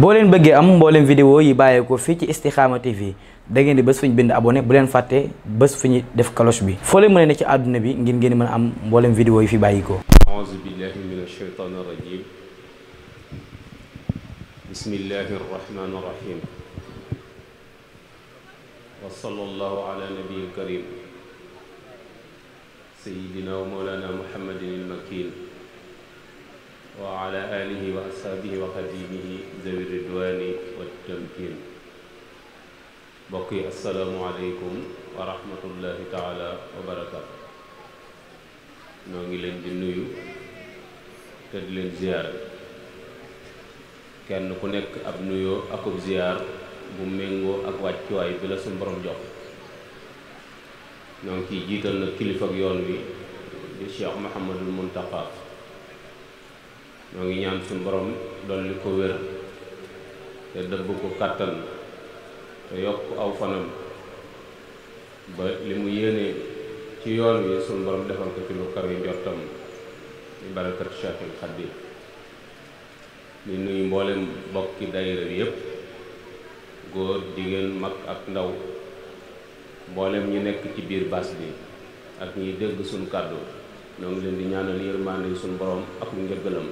boo leen bëggee am mbooleem vidéo yi bàyyeekoo fii ci Istikhama TV da ngeen di bés fu ñu bind abonné bu leen fàttee bés fu ñu def cloche bi foo leen mën ne ci àdduna bi ngir ngeen mën am mboolem vidéo yi fi bàyyikoo aouzu billahi min ashaytan arrajim bismillahi arrahmani arrahim wa sallallahu ala nabiyil karim sayyidina wa mawlana muhammadin al makin wa ala alihi wa asxaabihi wa xadimihi zawi ridwani wa tamkin mbokk yi asalaamu aleykum wa rahmatullahi taala wa barakaatu noo ngi leen di nuyu te di leen ziyaar kenn ku nekk ab nuyoo akub ziyaar bu méngoo ak wàccuwaay bi la suñu jox ñoo ngi ciy jiital na kilifa yoon wi di Cheikh Mouhamadul Muntaqa ñoo ngi ñaan suñu borom dolli ko wér te dëbb ko kàttan te yokk aw fanam ba li mu yéene ci yoon wi suñu borom defal ko ci lu kawe njottam di barakat Cheikhul Khadim di nuyu mboolem bokki daayira bi yépp góor jigéen mag ak ndaw mboolem ñu nekk ci biir bas bi ak ñuy dégg suñu kàddu ñoo ngi leen di ñaanal yërmaande suñu borom ak lu njëggalam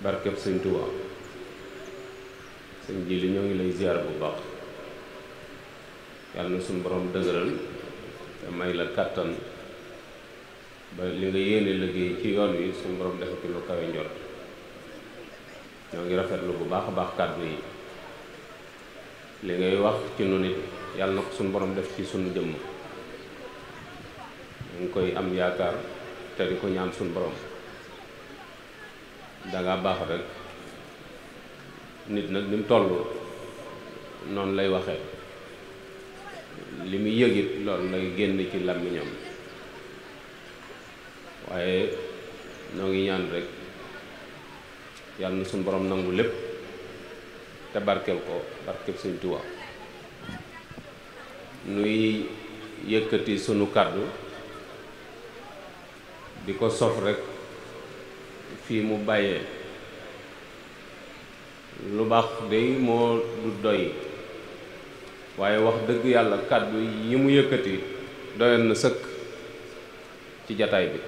barkeb sëñ Tuuba sëñ ji li ñoo ngi lay ziar bu baax yàlla na suñu boroom dëgëral te may la kàttan ba li nga yéene liggéey ci yoon wi suñu borom def ci lu ñoo ngi rafetlu bu baax a baax kàddu yi li ngay wax ci nu nit yàlla na ko suñu borom def ci suñu jëmm ñu ngi koy am yaakaar te di ko ñaan suñu borom danga baax rek nit nag ni mu toll noonu lay waxee li muy yëgit loolu lay génn ci làmmiñam waaye noo ngi ñaan rek yàlla suñ suñu borom nangu lépp te barkeel ko barkeel suñ Tuubaa nuy yëkkati sunu kàddu di ko sof rek fii mu bàyyee lu baax day moo du doy waaye wax dëgg yàlla kàddu yi mu yëkkati doyoon na sëkk ci jataay bi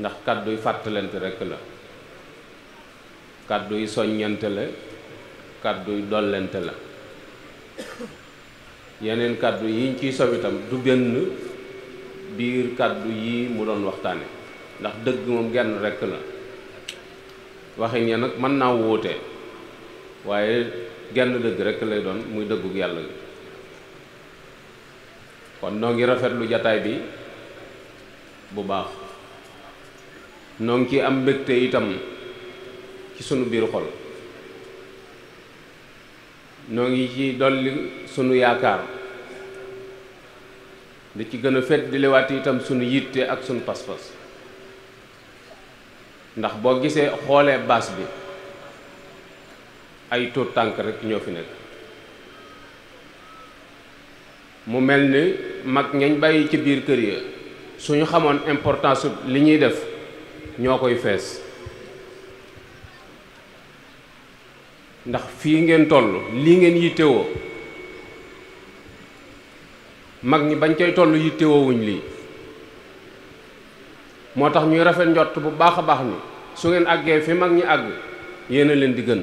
ndax kàddu yi fàttalante rekk la kàddu yi soññante la kàddu yi dollente la yeneen kàddu yi ñu ciy sobitam du benn biir kàddu yi mu doon waxtaane ndax dëgg moom genn rekk la waxin ya nag mën naa wuute waaye genn dëgg rekk lay doon muy dëggu yàlla gi kon noo ngi rafetlu jataay bi bu baax noo ngi ci am mbégte itam ci sunu biir xol noo ngi ci dolli sunu yaakaar di ci gën a fet di lewaat itam sunu yitte ak sunu pas-pas ndax boo gisee xoolee baas bi ay tuut tànk rek ñoo fi nekk mu mel ni mag ñañ bàyyi ci biir kër ya ñu xamoon importance li ñuy def ñoo koy fees ndax fii ngeen tollu lii ngeen yittewoo mag ñi bañ cay toll yittewoowuñ lii moo tax ñuy rafet njott bu baax a baax ni su ngeen àggee fi mag ñi àgg yéena leen di gën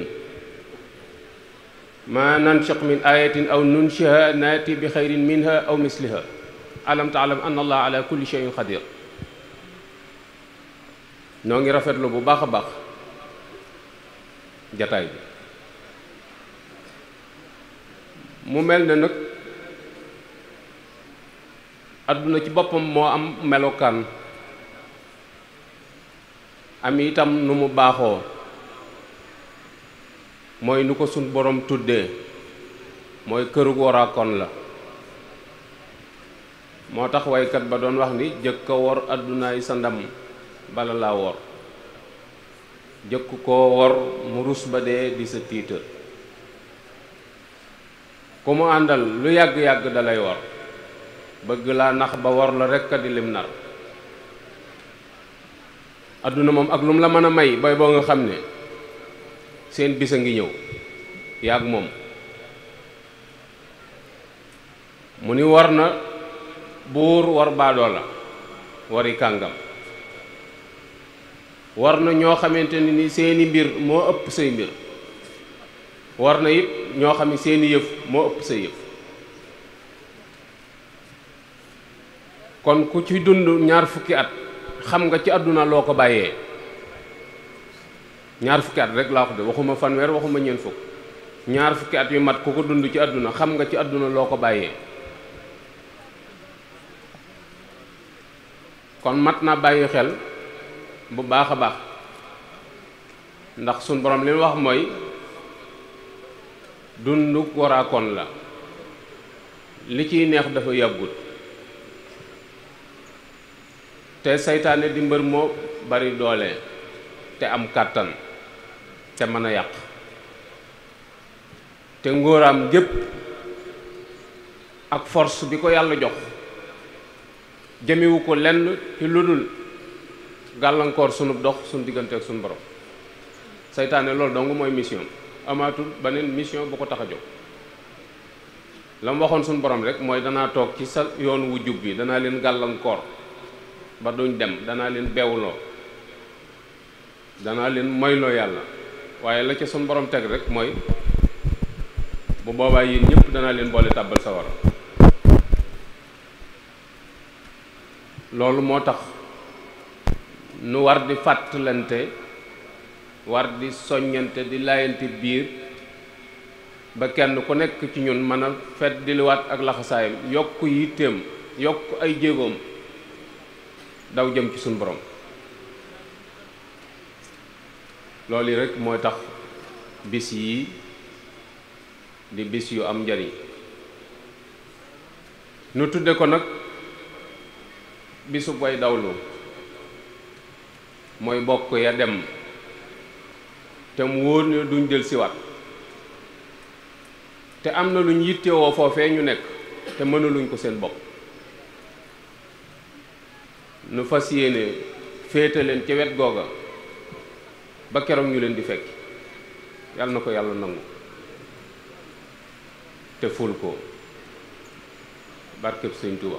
ma nansiq min ayatin aw nunshiha naati bi xayrin minha aw misliha alam taalam anna allah ala kulli shay'in qadir noo ngi rafetlu bu baax a baax jataay bi mu mel ne nag àdduna ci boppam moo am melokaan am itam nu mu baaxoo mooy nu ko sun boroom tuddee mooy kërug waraakoon la moo tax waykat ba doon wax ni jëkk ko wor addunaay sa ndam bala la wor jëkk ko wor mu rus ba dee di sa tiitar ku mu àndal lu yàgg-yàgg dalay wor bëgg laa nax ba wor la rekk a di lim nar adduna moom ak lum la mën a may bay boo nga xam ne seen bis a ngi ñëw yaag moom mu ni war na buur war baadoo la wari kàngam war na ñoo xamante ne ni seeni mbir moo ëpp say mbir war na it ñoo xam ne seeni yëf moo ëpp say yëf kon ku ci dund ñaar fukki at xam nga ci àdduna loo ko bàyyee ñaar fukki at rek laa ko de waxuma fanweer waxuma ñeent fukk ñaar fukki at yu mat ku ko dund ci àdduna xam nga ci àdduna loo ko bàyyee kon mat naa bàyyi xel bu baax a baax ndax suñ borom li mu wax mooy dundu waraakoon la li ciy neex dafa yàggut te seytaane di mbër moo bari doole te am kàttan te mën a yàq te ngóoraam gépp ak force bi ko yàlla jox jëmewu ko lenn ci lu dul gàllankoor sunu dox sunu diggante ak sunu borom seytaane loolu dong mooy mission amaatul beneen mission bu ko tax a jóg la mu waxoon sunu borom rek mooy danaa toog ci sa yoon wu jub bi danaa leen gàllankoor ba duñ dem danaa leen bewloo danaa leen moyloo yàlla waaye la ca suñ borom teg rek mooy bu boobaa yéen ñëpp danaa leen boole tàbbal sawara loolu moo tax nu war di fàttalante war di soññante di laayante biir ba kenn ku nekk ci ñun mën a fet diliwaat ak laxasaayam yokk yitteem yokk ay jéegoom daw jëm ci suñu borom loolu yi rek mooy tax bis yi di bis yu am njariñ nu tudde ko nag bisub way dawlu mooy bokk ya dem te mu wóor ne duñ jël siwaat te am na lu luñ yittewoo foofee ñu nekk te mënaluñ ko seen bopp nu fas yéene féete leen ca wet googa ba keroog ñu leen di fekk yàlla na ko yàlla nangu te ful ko barkeb sëñ Tuuba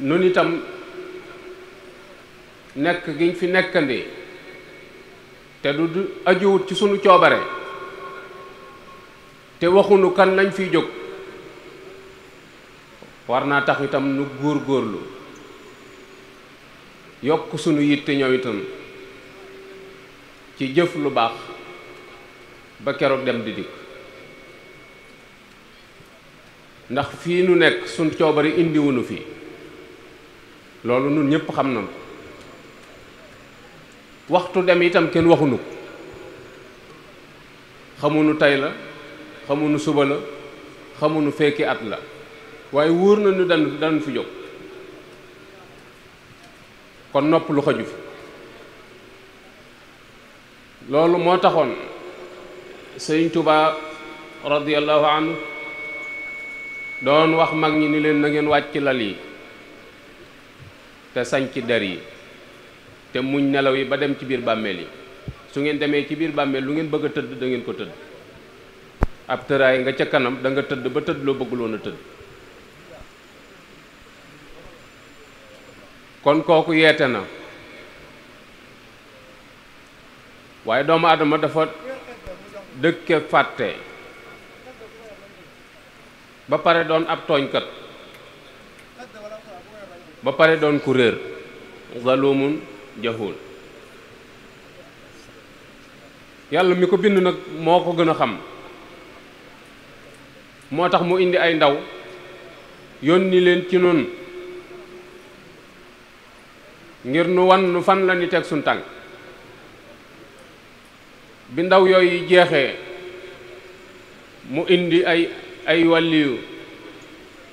nun itam nekk giñ fi nekkandi te du ajuwut ci sunu coobare te waxunu kan lañ fiy jóg war naa tax itam nu góor góorlu yokk sunu yitte ñoom itam ci jëf lu baax ba keroog dem di dikk ndax fii nu nekk sunu coobari indiwunu fi loolu nun ñëpp xam nañu waxtu dem itam kenn waxunu ko xamunu tey la xamunu suba la xamunu fekki at la waaye wóor na ñu dan danu fi jóg kon nopp lu xaju fi loolu moo taxoon sëriñ Tuubaa radiyallahu anhu doon wax mag ñi ni leen na ngeen wàcc lal yi te sañ ci der yi te muñ nelaw yi ba dem ci biir bàmmeel yi su ngeen demee ci biir bàmmeel lu ngeen bëgg a tëdd da ngeen ko tëdd ab tëraay nga ca kanam danga tëdd ba tëdd loo bëgguloon a tëdd kon kooku yeete na waaye doomu aadama dafa dëkke fàtte ba pare doon ab tooñkat ba pare doon ku réer zalumun jahul yàlla mi ko bind nag moo ko gën a xam moo tax mu indi ay ndaw yónni leen ci noonu ngir nu wan nu fan la teg suñ tànk bi ndaw yooyu jeexee mu indi ay ay wàlliyu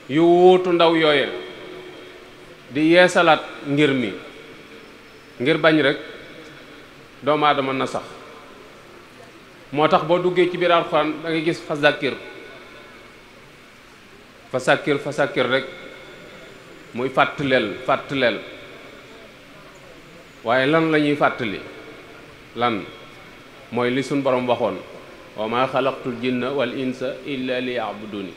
yu wuutu ndaw yooye di yeesalaat ngir mi ngir bañ rekk doomu aadama na sax moo tax boo duggee ci biir alxuraan da ngay gis fasakir fasakir fasakir rekk muy fàttaleel fàttaleel waaye lan la ñuy fàttali lan mooy li suñ borom waxoon wa maa xalaqtul jinna wal insa illa li yabuduni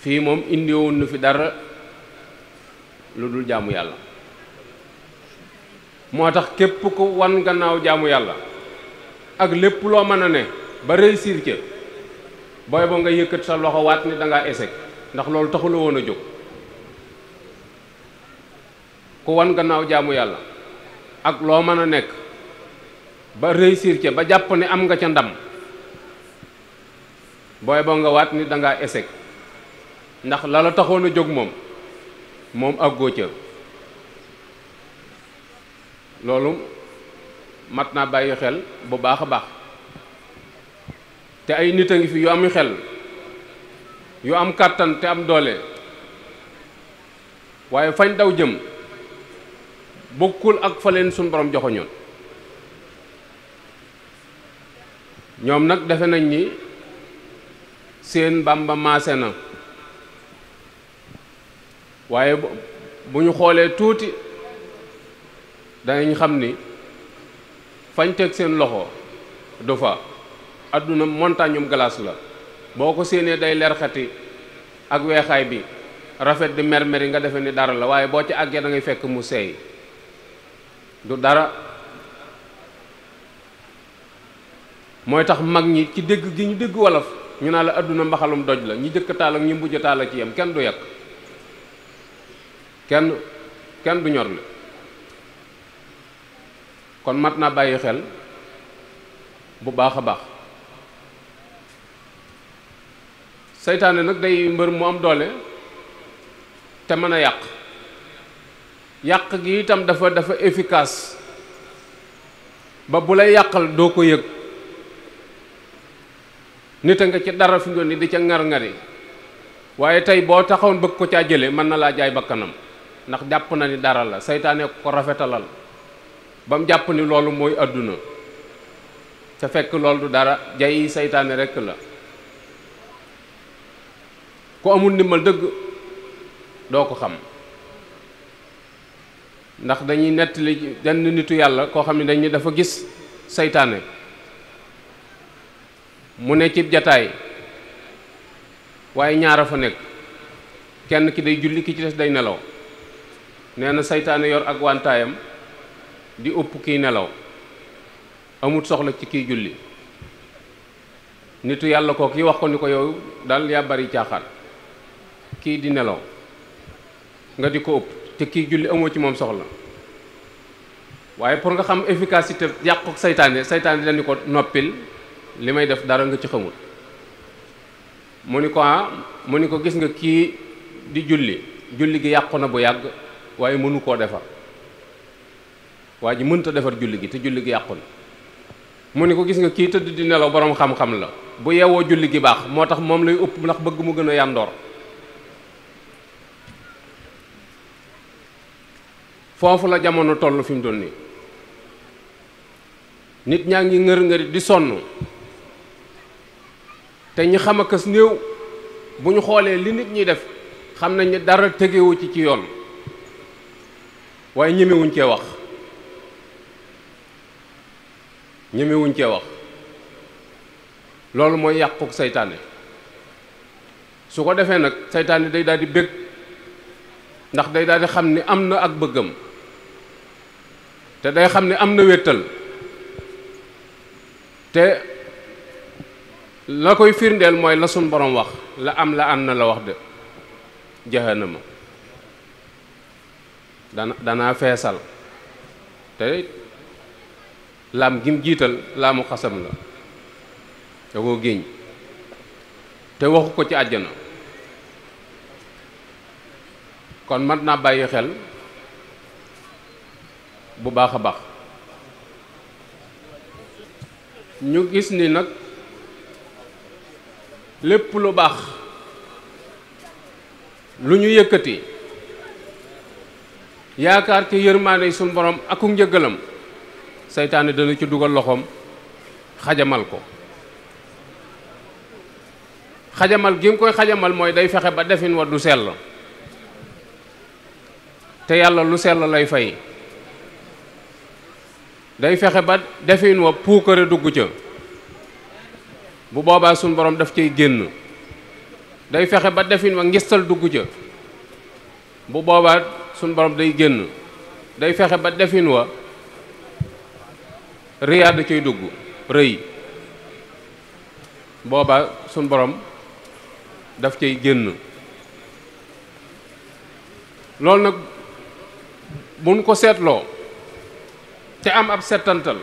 fii moom indiwoon nu fi dara lu dul jaamu yàlla moo tax képp ko wan gannaaw jaamu yàlla ak lépp loo mën a ne ba réussir ca booy ba nga yëkkat sa loxo waat ni dangaa échec ndax loolu la woon a jóg ku wan gannaaw jaamu yàlla ak loo mën a nekk ba réussir ca ba jàpp ni am nga ca ndam booy boo nga waat ni danga échec ndax lala taxoon a jóg moom moom àggoo ca loolu mat naa bàyyi xel bu baax a baax te ay nit a ngi fi yu am xel yu am kàttan te am doole waaye fañ daw jëm bokkul ak fa leen suñ borom joxoñoon ñoom nag defe nañ ni seen bàmba maase na waaye bu ñu xoolee tuuti danañ xam ni fañ teg seen loxo du fa àdduna montagnum glace la boo ko séenee day lerxati ak weexaay bi rafet di mermeri nga defe ni dara la waaye boo ci àggee da ngay fekk mu sey du dara mooy tax mag ñi ci dégg gi ñu dégg wolof ñu naa la àdduna mbaxalum doj la ñi jëkk taal ak ñi mujj taal ci yam kenn du yàq kenn kenn du ñorle kon mat naa bàyyi xel bu baax a baax seytaane nag day mbër mu am doole te mën a yàq yàq gi itam dafa dafa efficace ba bu lay yàqal doo ko yëg nit a nga ci dara fi ni di ca ŋar-ŋari waaye tey boo taxawoon bëgg ko caa jële mën na laa jaay bakkanam ndax jàpp na ni dara la seytaane ko rafetalal ba jàpp ni loolu mooy àdduna ca fekk loolu du dara jayi seytaane rekk la ku amul ndimbal dëgg doo ko xam ndax dañuy nettali benn nitu yàlla koo xam ne dañu ni dafa gis seytaane mu ne cib jataay waaye ñaara fa nekk kenn ki day julli ki ci des day nelaw nee na seytaane yor ak wantaayam di upp kiy nelaw amut soxla ci kiy julli nitu yàlla ko ki wax ko ni ko yow daal yaa bari kii di nelaw nga di ko upp te kii julli amoo ci moom soxla waaye pour nga xam efficacité yàq ak saytaane saytaane dañu ko noppil li may def dara nga ci xamul mu ni ko ah, mu ni ko gis nga kii di julli julli gi yàqu na bu yàgg waaye mënu koo defar waa ji mënta defar julli gi te julli gi yàqu mu ni ko gis nga kii tëdd di nelaw boroom xam-xam la bu yeewoo julli gi baax moo tax moom lay ëpp ndax bëgg mu gën a yàndoor foofu la jamono toll fi mu doon nii nit ñaa ngi ngër ngëri di sonn te ñi xam a kës néew bu ñu xoolee li nit ñi def xam nañ ne dara tegewu ci ci yoon waaye ñemewuñ cee wax ñemewuñ cee wax loolu mooy yàquk seytaane su ko defee nag seytaane day daal di ndax day daldi xam ni am na ak bëggam te day xam ni am na wéttal te la koy firndeel mooy la sun borom wax la am la am na la wax de jahannama dana danaa feesal te laam gim jiital laamu xasam la da koo géeñ te waxu ko ci àjjana kon mat naa bàyyi xel bu baax a baax ñu gis ni nag lépp lu baax lu ñu yëkkati yaakaar ci yërmaande suñ borom aku njëgalam seytaane dana ci dugal loxoom xajamal ko xajamal gi mu koy xajamal mooy day fexe ba defin wa du sell te yàlla lu sell lay fay day fexe ba defin wa puukare dugg ca bu boobaa suñ borom daf cay génn day fexe ba defin wa ngistal dugg ca bu boobaat suñ borom day génn day fexe ba defin wa riyaa da cay dugg rëy boobaa suñ borom daf cay génn loolu nag buñ ko seetloo te am ab settantal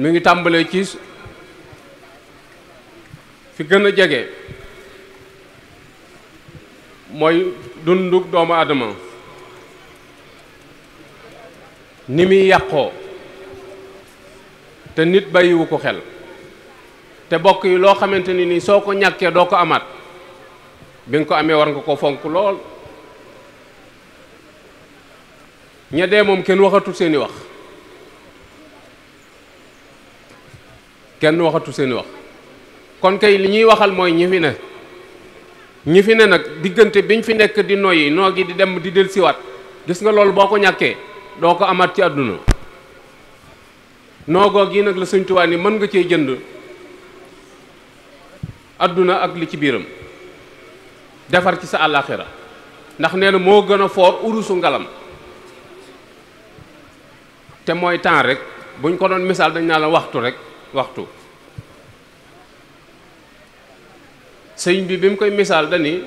mu ngi tàmbalee ci fi gën a jege mooy dunduk doomu aadama ni muy yàqoo te nit bàyyiwu ko xel te bokk yi loo xamante ni nii soo ko ñàkkee doo ko amaat bi nga ko amee war nga ko fonk lool ña dee moom kenn waxatu seeni wax kenn waxatu seeni wax kon kay li ñuy waxal mooy ñi fi ne ñi fi ne nag diggante biñ fi nekk di noyyi noo gi di dem di siwaat gis nga loolu boo ko ñàkkee doo ko amaat ci àdduna noogoo gi nag la Sëñ Tuubaa ni mën nga cee jënd àdduna ak li ci biiram defar ci sa àllaaxira ndax nee na moo gën a foor urusu ngalam te mooy temps rek buñ ko doon misaal dañ naa la waxtu rekk waxtu sëñ bi bi mu koy misaal dani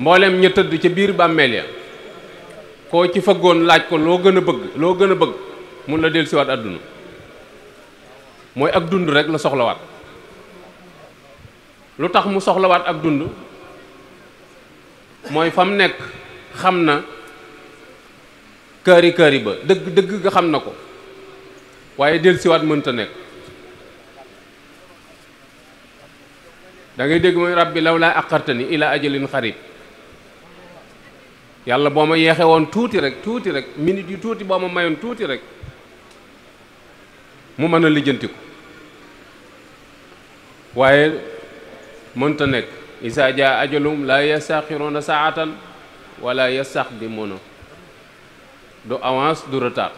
mboolem ña tëdd ca biir bàmmeel ya ko ci fëggoon laaj ko loo gën a bëgg loo gën a bëgg mun la dellusiwaat àdduna mooy ak dund rek la soxlawaat lu tax mu soxlawaat ak dund mooy fa mu nekk xam na kaari kaari ba dëgg dëgg xam na ko waaye del siwaat mënta nekk dangay dégg mooy rabbi law laa aqartani ila ajalin xarib yàlla boo ma yeexe woon tuuti rek tuuti rek minute yu tuuti boo ma mayoon tuuti rek mu mën a lijjanti ko waaye mënta nekk isa jaa ajalum laa yastaxiruuna saatan wala yastaxdimuuna du avance du retard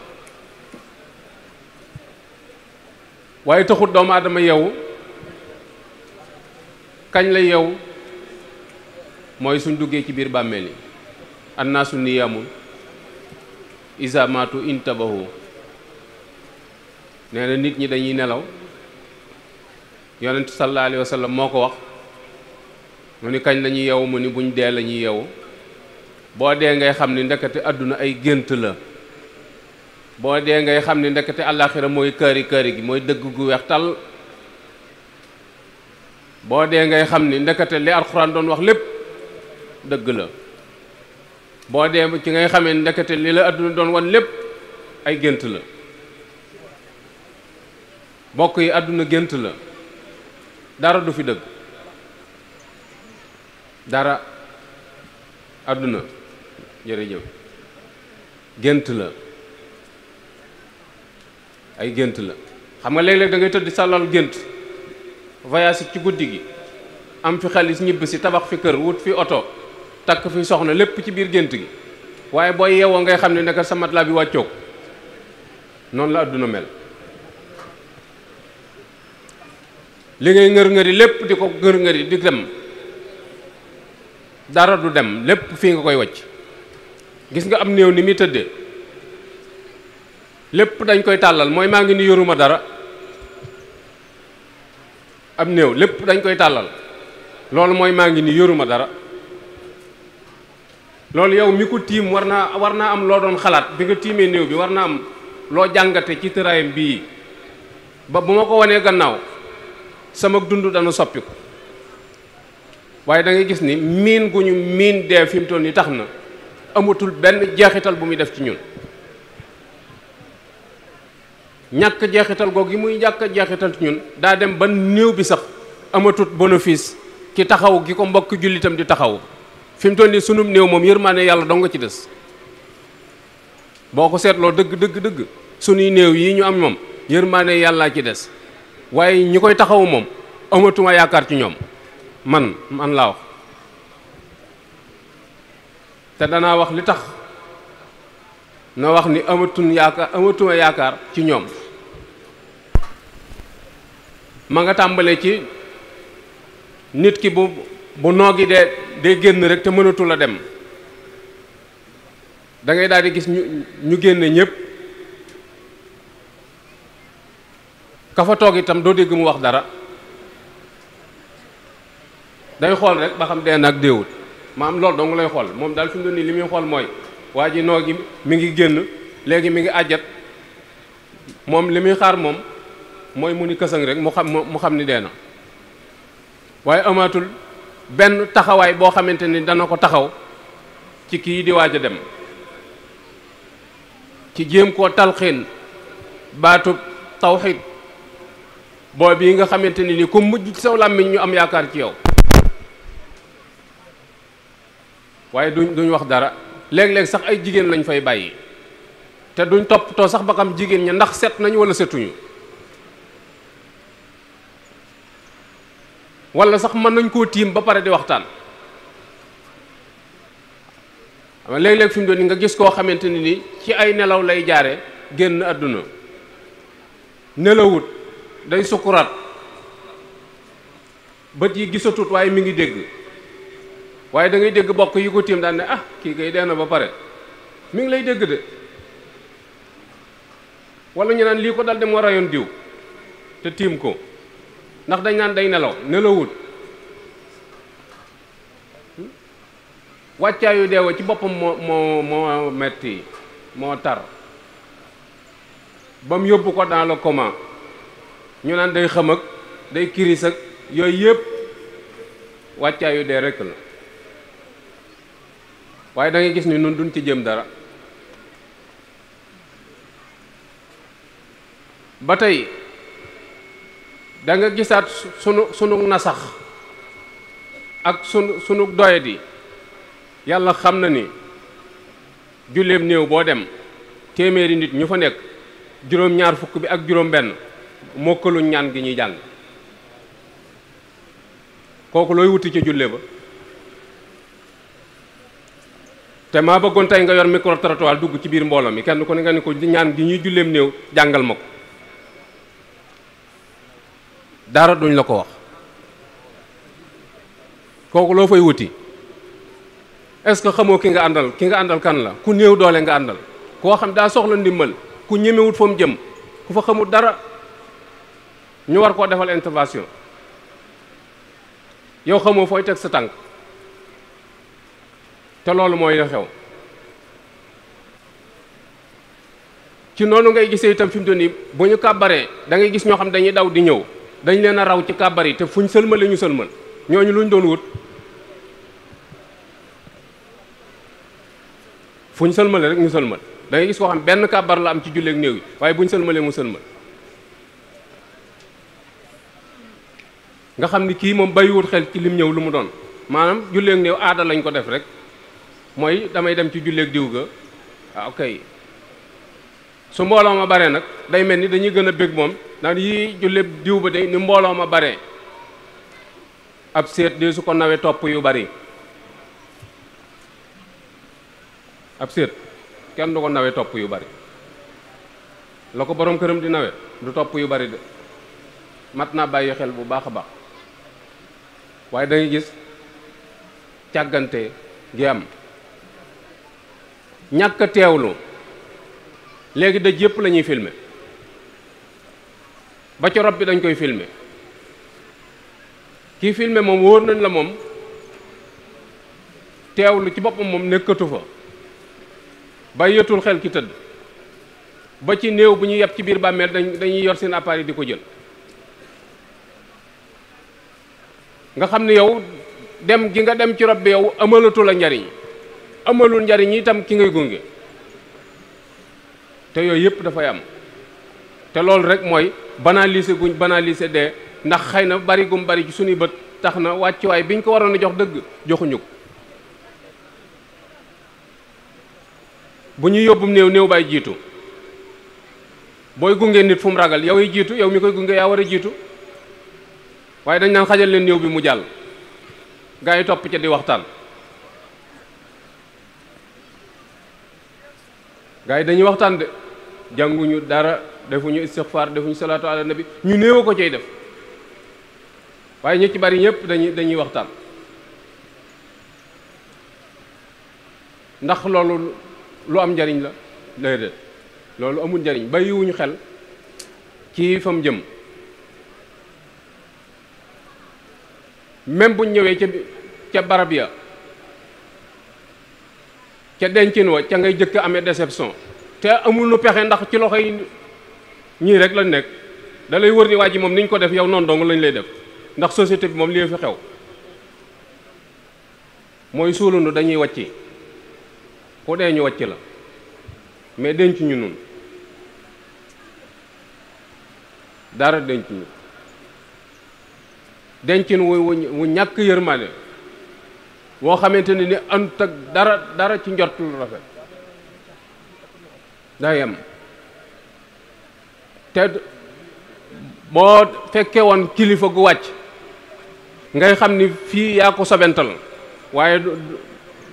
waaye taxut doomu aadama yow kañ la yow mooy suñ duggee ci biir bàmmeel yi annaasu niyaamun iza maatu intabahu nee na nit ñi dañuy nelaw yonent sallallahu alayhi wa moo ko wax mu ni kañ la ñuy yeewu mu ni buñ dee la ñuy yeewu boo dee ngay xam ni ndekete àdduna ay gént la boo dee ngay xam ni ndekete àllaaxira mooy këri këri gi mooy dëgg gu weex tal boo dee ngay xam ni ndekete li alxuraan doon wax lépp dëgg la boo dee ci ngay xamee ndekete li la àdduna doon wan lépp ay gént la bokk yi àdduna gént la dara du fi dëgg dara àdduna jërëjëf gént la ay gént la xam nga léeg-léeg da ngay tëdd sa lal gént voyage ci guddi gi am fi xaalis ñibb si tabax fi kër wut fi oto takk fi soxna lépp ci biir gént gi waaye booy yeewoo ngay xam ne naka sa matelas bi wàccoog noonu la àdduna mel li ngay ngër ngëri lépp di ko ngër ngëri di dem dara du dem lépp fii nga koy wacc gis nga am néew ni muy tëdde lépp dañ koy tàllal mooy maa ngi ni yoruma dara am néew lépp dañ koy tàllal loolu mooy maa ngi ni yoruma dara loolu yow mi ko tiim war naa war naa am loo doon xalaat bi nga tiimee néew bi war naa am loo jàngate ci tëraayam bii ba bu ma ko wanee gannaaw sama dund dana soppiku waaye dangay gis ni miin gu ñu miin dee fi mu toll nii tax na amatul benn jeexital bu muy def ci ñun ñàkk jeexital googu gi muy ñàkk jeexital ci ñun daa dem ba néew bi sax amatut bénéfice ci taxaw gi ko mbokk jullitam di taxaw fi mu toll nii sunum néew moom yërmaane yàlla dong ci des boo ko seetloo dëgg dëgg dëgg sunuy néew yi ñu am moom yërmaane yàllaa ci des waaye ñi koy taxaw moom amatuma yaakaar ci ñoom man man laa wax te danaa wax li tax na wax ni amatun yaakaar yaakaar ci ñoom ma nga tàmbalee ci nit ki bu bu noogi dee dee génn rek te mënatul a dem dangay ngay daal di gis ñu ñu génne ñépp kafatoog itam doo dégg mu wax dara day xool rek ba xam dee nag déewut maam loolu dong lay xool moom daal fi mu nii li muy xool mooy waa ji noo gi mi ngi génn léegi mi ngi àjjat moom li muy xaar moom mooy mu ni kësang rek mu xam mu xam ni dee na waaye amaatul benn taxawaay boo xamante ni dana ko taxaw ci kii di waaj a dem ci jéem koo talxiin baatu tawxiid boo bii nga xamante ni ni ku mujj ci saw làmmiñ ñu am yaakaar ci yow waaye duñ duñ wax dara léeg-léeg sax ay jigéen lañ fay bàyyi te duñ toppatoo sax ba xam jigéen ña ndax set nañu wala setuñu wala sax mën nañ koo tiim ba pare di waxtaan ama léeg-léeg fi doon ni nga gis koo xamante ni ni ci ay nelaw lay jaare génn àdduna nelawut day sukuraat bët yi gisatut waaye mi ngi dégg waaye da ngay dégg bokk yi ko tiim daan ne ah kii kay dee na ba pare mi ngi lay dégg de wala ñu lii ko dal de moo rayoon diw te tiim ko ndax dañ naan day nelaw nelawut wàccaayu deewa ci boppam moo moo moo metti moo tar ba mu yóbbu ko daala le coma ñu naan day xam day kiris ak yooyu yëpp wàccaayu dee rekk la waaye dangay gis ni nun duñ ci jëm dara ba tey danga gisaat sunu sunu nasax ak sunu sunu doyadi yàlla xam na ni julleeb néew boo dem téeméeri nit ñu fa nekk juróom-ñaar fukk bi ak juróom-benn mokkaluñ ñaan gi ñuy jàng kooku looy wuti ci julle ba te maa bëggoon tey nga yor micro trottoir dugg ci biir mbooloo mi kenn ko ne nga ne ko ñaan gi ñuy julleem néew jàngal ma ko dara duñ la ko wax kooku loo fay wuti est-ce que xamoo ki nga àndal ki nga àndal kan la ku néew doole nga àndal koo xam daa soxla ndimbal ku ñemewut fa jëm ku fa xamul dara ñu war koo defal intervention yow xamoo fooy teg sa tànk te loolu mooy la xew ci noonu ngay gisee itam fi mu toll nii bu ñu kàbbaree da ngay gis ñoo xam dañuy daw di ñëw dañ leen a raw ci kàbbar yi te fuñ sëlmale ñu sëlmal ñooñu luñ doon wut fuñ sëlmale rek ñu sëlmal da ngay gis koo xam benn kàbbar la am ci julleeg néew yi waaye buñ sëlmalee mu sëlmal nga xam ni kii moom bàyyiwut xel ci lim ñëw lu mu doon maanaam julleeg néew aada lañ ko def rek mooy damay dem ci julleeg diw ga ah su mbooloo ma bare nag day mel ni dañuy gën a bég moom di yii julleeg diw ba de ni mbooloo ma bare ab seet de su ko nawee topp yu bari ab seet kenn du ko nawee topp yu bari la ko boroom këram di nawet du topp yu bari de mat naa bàyyi xel bu baax a baax waaye dangay gis càggante gi am ñàkk a teewlu léegi dëj yëpp lañuy filme ba ci rob bi dañ koy filmer kii filmer moom wóor nañ la moom teewlu ci boppam moom nekkatu fa bàyyeetul xel ki tëdd ba ci néew bu ñu yeb ci biir bàmmeel dañ dañuy yor seen appareil di ko jël nga xam ni yow dem gi nga dem ci rob yow amalatu a njariñ amalul njariñ itam ki ngay gunge te yooyu yëpp dafay am te loolu rek mooy banaliser guñ banaliser dee ndax xëy na bari gum bari ci suñuy bët tax na wàccuwaay biñ ko waroon a jox dëgg joxuñu ko bu ñuy yóbbum néew néew baay jiitu booy gunge nit fu mu ragal yow yi jiitu yow mi koy gunge yaa war a jiitu waaye dañ naan xajal leen néew bi mu jàll gaa yi topp ca di waxtaan gars dañuy waxtaan de jànguñu dara defuñu istixfaar defuñu salaatu ala nabi ñu néew ko cay def waaye ñi ci bari ñëpp dañuy dañuy waxtaan ndax loolu lu am njariñ la déedéet loolu amul njariñ bàyyiwuñu xel ci fam jëm même buñ ñëwee ca ca barab ya ca dencin wa ca ngay jëkk amee déception te amul nu pexe ndax ci loxo yi ñii rek lañ nekk dalay wër ni waa ji moom ni ko def yow noonu dong lañu lay def ndax société bi moom li fi xew mooy suulundu dañuy wàcci ku dee ñu wàcc la mais denc ñu nun dara denc ñu dencin wu wu ñàkk yërmande woo xamante ne ni àndut ak dara dara ci njort lu rafet daa yem te boo fekkee woon kilifa gu wàcc ngay xam ni fii yaa ko sobental waaye du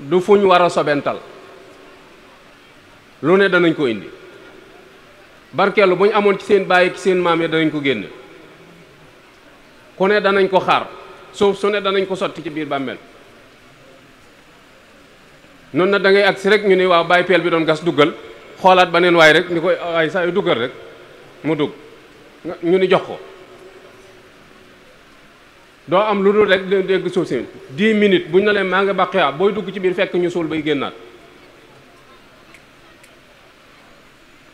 du fu ñu war a sobental lu ne danañ ko indi barkeelu bu amoon ci seen bàyyi ci seen maam yi danañ ko génne ku ne danañ ko xaar suuf su ne danañ ko sotti ci biir bàmmeel noonu na da ngay agsi rek ñu ni waaw bàyyi peel bi doon gas duggal xoolaat beneen waay rek ni ko waay saa yu duggal rek mu dugg ñu ni jox ko doo am lu dul rek dégg suuf si dix minutes bu ñu ne leen maa nga bàqiya booy dugg ci biir fekk ñu suul bay génnaat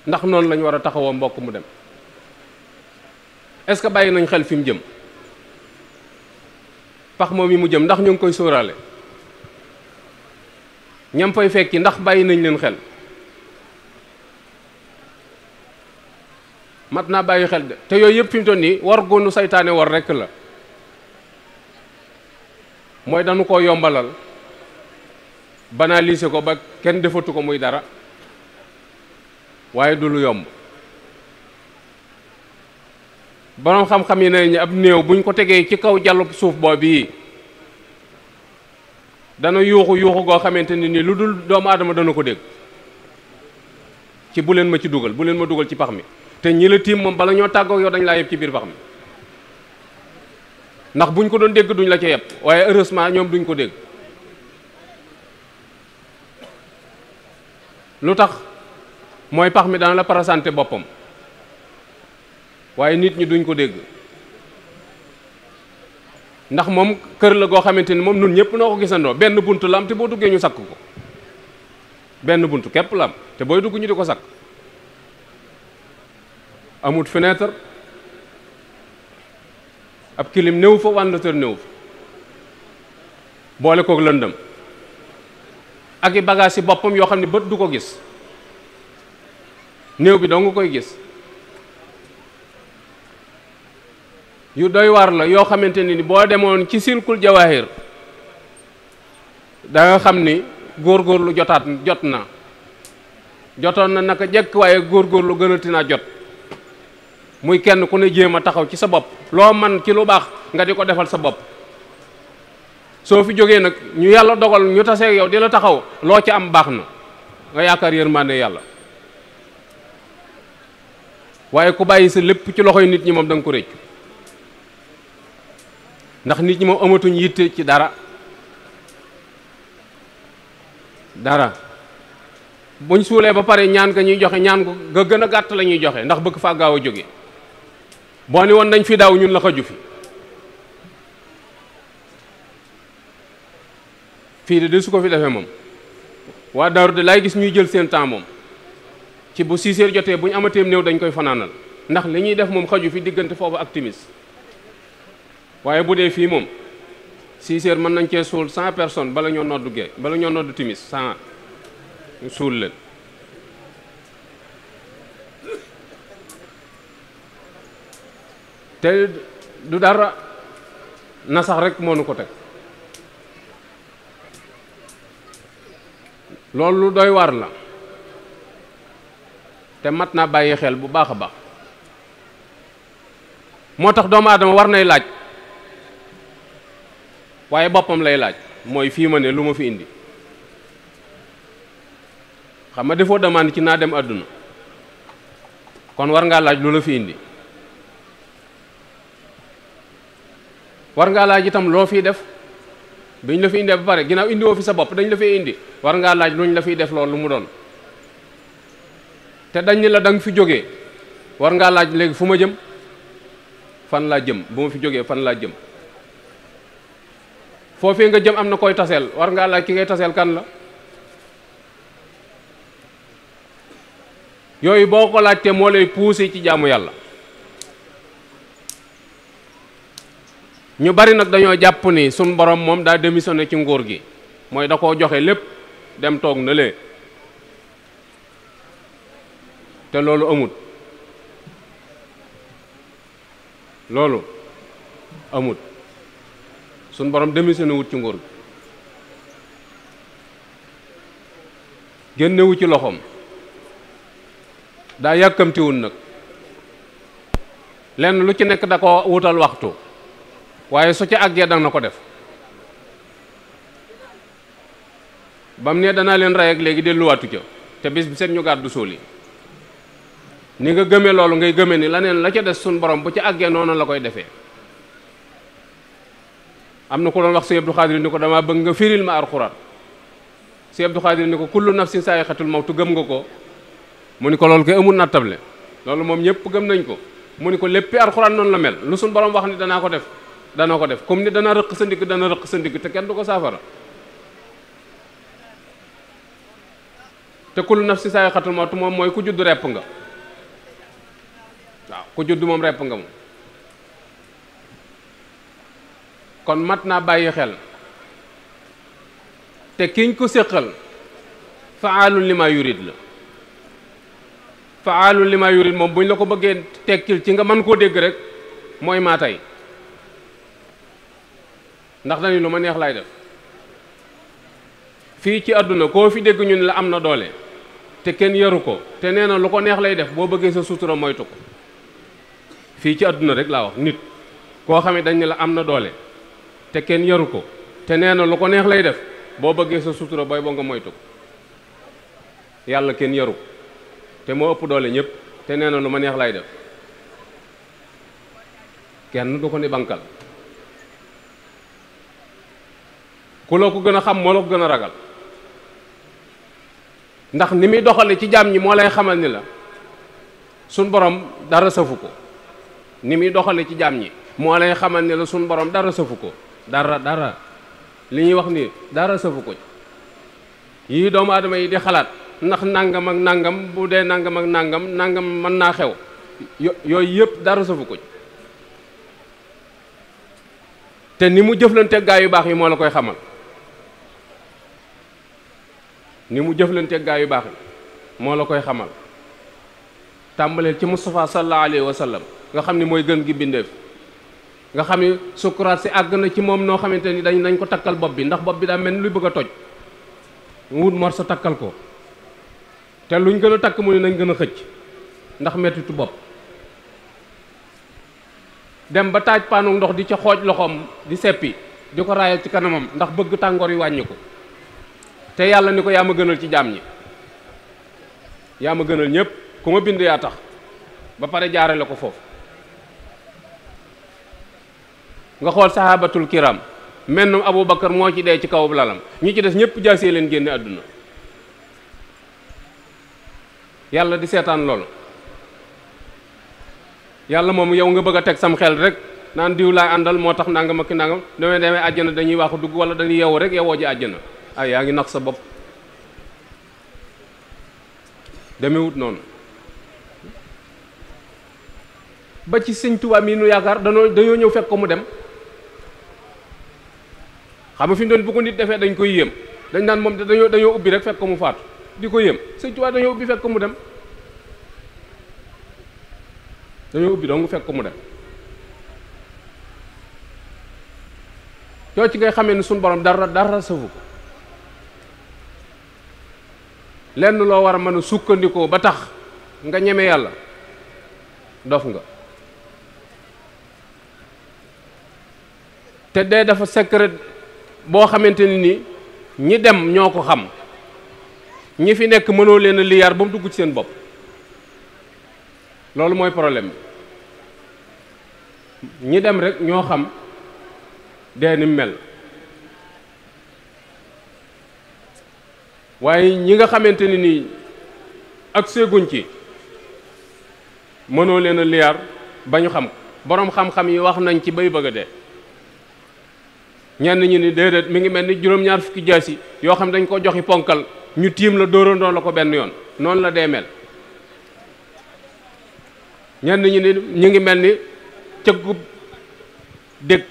ndax noonu lañu war a taxawoo mbokk mu dem est-ce que bàyyi nañ xel fi mu jëm pax moom yi mu jëm ndax ñu ngi koy sóoraale ñam fay fekki ndax bàyyi nañ leen xel mat naa bàyyi xel de te yooyu yëpp fi to nii war goonu saytaane war rekk la mooy danu ko yombalal banaa banaliser ko ba kenn defatu ko muy dara waaye du yomb boroom xam-xam yi ne ñu ab néew buñ ko tegee ci kaw jàllub suuf boobu yi dana yuuxu yuuxu goo xamante ne ni lu dul doomu aadama dana ko dégg ci bu leen ma ci dugal bu leen ma dugal ci pax mi te ñi la tiim moom bala ñoo tàggoo yow dañ laa yëpp ci biir pax mi ndax buñ ko doon dégg duñ la ca yëpp waaye heureusement ñoom duñ ko dégg lu tax mooy pax mi dana la parasanté boppam waaye nit ñi duñ ko dégg ndax moom kër la goo xamante ni moom nun ñëpp noo ko gisandoo benn bunt la te boo duggee ñu sakk ko benn bunt képp la am te booy dugg ñu di ko sakk amut fenêtre ab kilim néew fa wàndateur néew fa boole kook lëndam ak i bagage yi boppam yoo xam ne bët du ko gis néew bi doo nga koy gis yu doy waar la yoo xamante ni boo demoon ci silkul jawaahir danga xam ni góor góorgóorlu jotaat jot na jotoon na naka jekk waaye góor góorgóorlu gënati naa jot muy kenn ku ne jéem a taxaw ci sa bopp loo man ci lu baax nga di ko defal sa bopp soo fi jógee nag ñu yàlla dogal ñu tasee yow di la taxaw loo ci am baax na nga yaakaar yërmande yàlla waaye ku bàyyi sa lépp ci loxo loxoy nit ñi moom da ko réccu ndax nit ñi moom amatuñ yitte ci dara dara buñ suulee ba pare ñaan nga ñuy joxe ñaan ko nga gën a gàtt la ñuy joxe ndax bëgg faa gaaw a jóge boo ni woon dañ fi daaw ñun la xaju fi fii de de su ko fi defee moom waa daaru de laay gis ñuy jël seen moom ci bu six jotee bu ñu amateem néew dañ koy fanaanal ndax li ñuy def moom xaju fi diggante foofu ak timis waaye bu dee fii moom six mën nañ cee suul cent personnes bala ñoo noddu gee bala ñoo noddu timis cent suul leen te du dara na sax rek moo nu ko teg loolu dooy doy waar la te mat naa bàyyi xel bu baax a baax moo tax doomu aadama war nay laaj waaye boppam lay laaj mooy fii ma ne lu ma fi indi xam nga defoo demande ci naa dem àdduna kon war ngaa laaj lu la fi indi war ngaa laaj itam loo fiy def bi ñu la fi indee ba pare ginnaaw indiwoo fi sa bopp dañ la fiy indi war ngaa laaj luñ la fiy def loolu lu mu doon te dañ la da fi jógee war ngaa laaj léegi fu ma jëm fan laa jëm bu ma fi jógee fan laa jëm foofee nga jëm am na koy taseel war ngaa laaj ki ngay taseel kan la yooyu boo ko laajtee moo lay puusi ci jaamu yàlla ñu bari nag dañoo jàpp ni suñ borom moom daa démissionné ci nguur gi mooy da koo joxe lépp dem toog na lee te loolu amut loolu amut suñ borom démissionné wut ci nguur gi génnewu ci loxoom daa yàkkamtiwul nag lenn lu ci nekk da ko wutal waxtu waaye su ci àggee danga na ko def bam ne danaa leen rey ak léegi delluwaatu ca te bis bi seen ñu gàddu sóol yi ni nga gëmee loolu ngay gëme ni leneen la ca des suñ borom bu ci àggee noonu la koy defee am na ku doon wax sëñ Abdou Xaadir ni ko damaa bëgg nga firil ma alxuraan sëñ Abdou Xaadir ni ko kullu nafsin saayiqatul mawtu gëm nga ko mu ni ko loolu kay amul nattable loolu moom ñëpp gëm nañ ko mu ni ko léppi alxuraan noonu la mel lu suñ borom wax ni danaa ko def danaa ko def comme ni dana rëq sa ndigg dana rëq sa ndigg te kenn du ko saafara te kullu nafsin saayiqatul mawtu moom mooy ku judd repp nga waaw ku judd moom repp nga moom kon mat naa bàyyi xel te kiiñ ko séqal faalun li ma yurid la faalun li ma yurid moom buñ la ko bëggee tekkil ci nga man koo dégg rek mooy maa tey ndax dañu lu ma neex laay def fii ci àdduna koo fi dégg ñu la am na doole te kenn yaru ko te nee na lu ko neex lay def boo bëggee sa sutura moytu ko fii ci àdduna rek laa wax nit koo xam ne dañ la am na doole te kenn yaru ko te nee na lu ko neex lay def boo bëggee sa sutura bay boo nga moytu yàlla kenn yaru te moo ëpp doole ñëpp te nee na lu ma neex lay def kenn du ko ni bankal ku la ko gën a xam moo la ko gën a ragal ndax ni muy doxale ci jaam ñi moo lay xamal ni la suñ borom dara safu ko ni muy doxale ci jaam ñi moo lay xamal ni la suñ borom dara safu ko dara dara li ñuy wax ni dara safu ko yii doomu aadama yi di xalaat ndax nangam ak nangam bu dee nangam ak nangam nangam mën naa xew yooyu yëpp dara safu ko te ni mu jëflante gaa yu baax yi moo la koy xamal ni mu jëflante gaa yu baax yi moo la koy xamal tàmbaleel ci Moustapha sallallahu alayhi wa nga xam ni mooy gën gi bindeef nga xam ne sukuraat si àgg na ci moom noo xamante ni dañ nañ ko takkal bopp bi ndax bopp bi daa mel ni luy a toj mu wut morso takkal ko te luñ gën a takk mu ne nañ gën a xëcc ndax metitu bopp dem ba taaj paanu ndox di ca xooj loxoom di seppi di ko raayal ci kanamam ndax bëgg tàngoor yi wàññi ko te yàlla ni ko yaa ma gënal ci jaam ñi yaa ma gënal ñëpp ku ma bind yaa tax ba pare jaare la ko foofu nga xool sahabatul mel mennum abou bakar moo ci dee ci kaw lalam ñi ci des ñëpp jaasee leen génne àdduna yàlla di seetaan loolu yàlla moom yow nga bëgg a teg sam xel rek naan diw laa àndal moo tax nangam ak nangam damay demee àjjana dañuy waaxu dugg wala dañuy yow rek yowoo ji àjjana ay yaa ngi nax sa bopp demewut noonu ba ci sëñ Tuubaa mi nu yaakaar danoo dañoo ñëw fekk ko mu dem xam nga fi mu doon bu ko nit defee dañ koy yéem dañ naan moom dañoo dañoo ubbi rek fekk ko mu faatu di ko yéem sëñ Tuubaa dañoo ubbi fekk mu dem dañoo ubbi dong fekk ko mu dem yoo ci ngay xamee ni suñu borom dara dara sëfu ko lenn loo war a mën a sukkandikoo ba tax nga ñeme yàlla dof nga te dee dafa secret boo xamante ne ni ñi dem ñoo ko xam ñi fi nekk mënoo leen a liyaar ba mu dugg ci seen bopp loolu mooy problème bi ñi dem rek ñoo xam dee ni mel waaye ñi nga xamante ni nii ak séeguñ ci mënoo leen a liyaar ba ñu xam boroom xam-xam yi wax nañ ci bay bëgg a de ñenn ñu ni déedéet mi ngi mel ni juróom-ñaar fukki jaasi yoo xam dañ ko joxi ponkal ñu tiim la dóorandoo la ko benn yoon noonu la dee mel ñenn ñu ni ñu ngi mel ni cëggub dég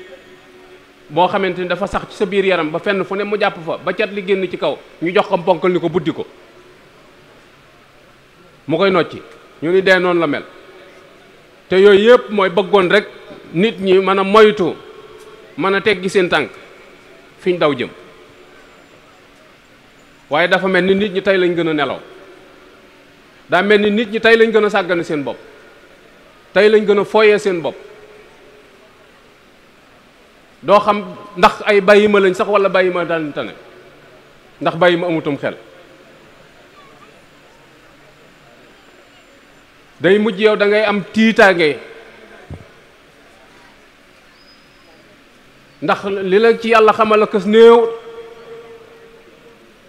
boo xamante ni dafa sax ci sa biir yaram ba fenn fu ne mu jàpp fa ba cat li génn ci kaw ñu jox ko ponkal ni ko buddi ko mu koy nocci ñu ni dee noonu la mel te yooyu yëpp mooy bëggoon rek nit ñi mën a moytu mën a teggi seen tànk fiñ daw jëm waaye dafa mel ni nit ñi tey lañ gën a nelaw daa mel ni nit ñi tey lañ gën a sàggane seen bopp tey lañ gën a fooyee seen bopp doo xam ndax ay bàyyi ma lañ sax wala bàyyi ma daan tane ndax bàyyi ma amutum xel day mujj yow da ngay am tiitaange ndax li la ci yàlla xamal ak néew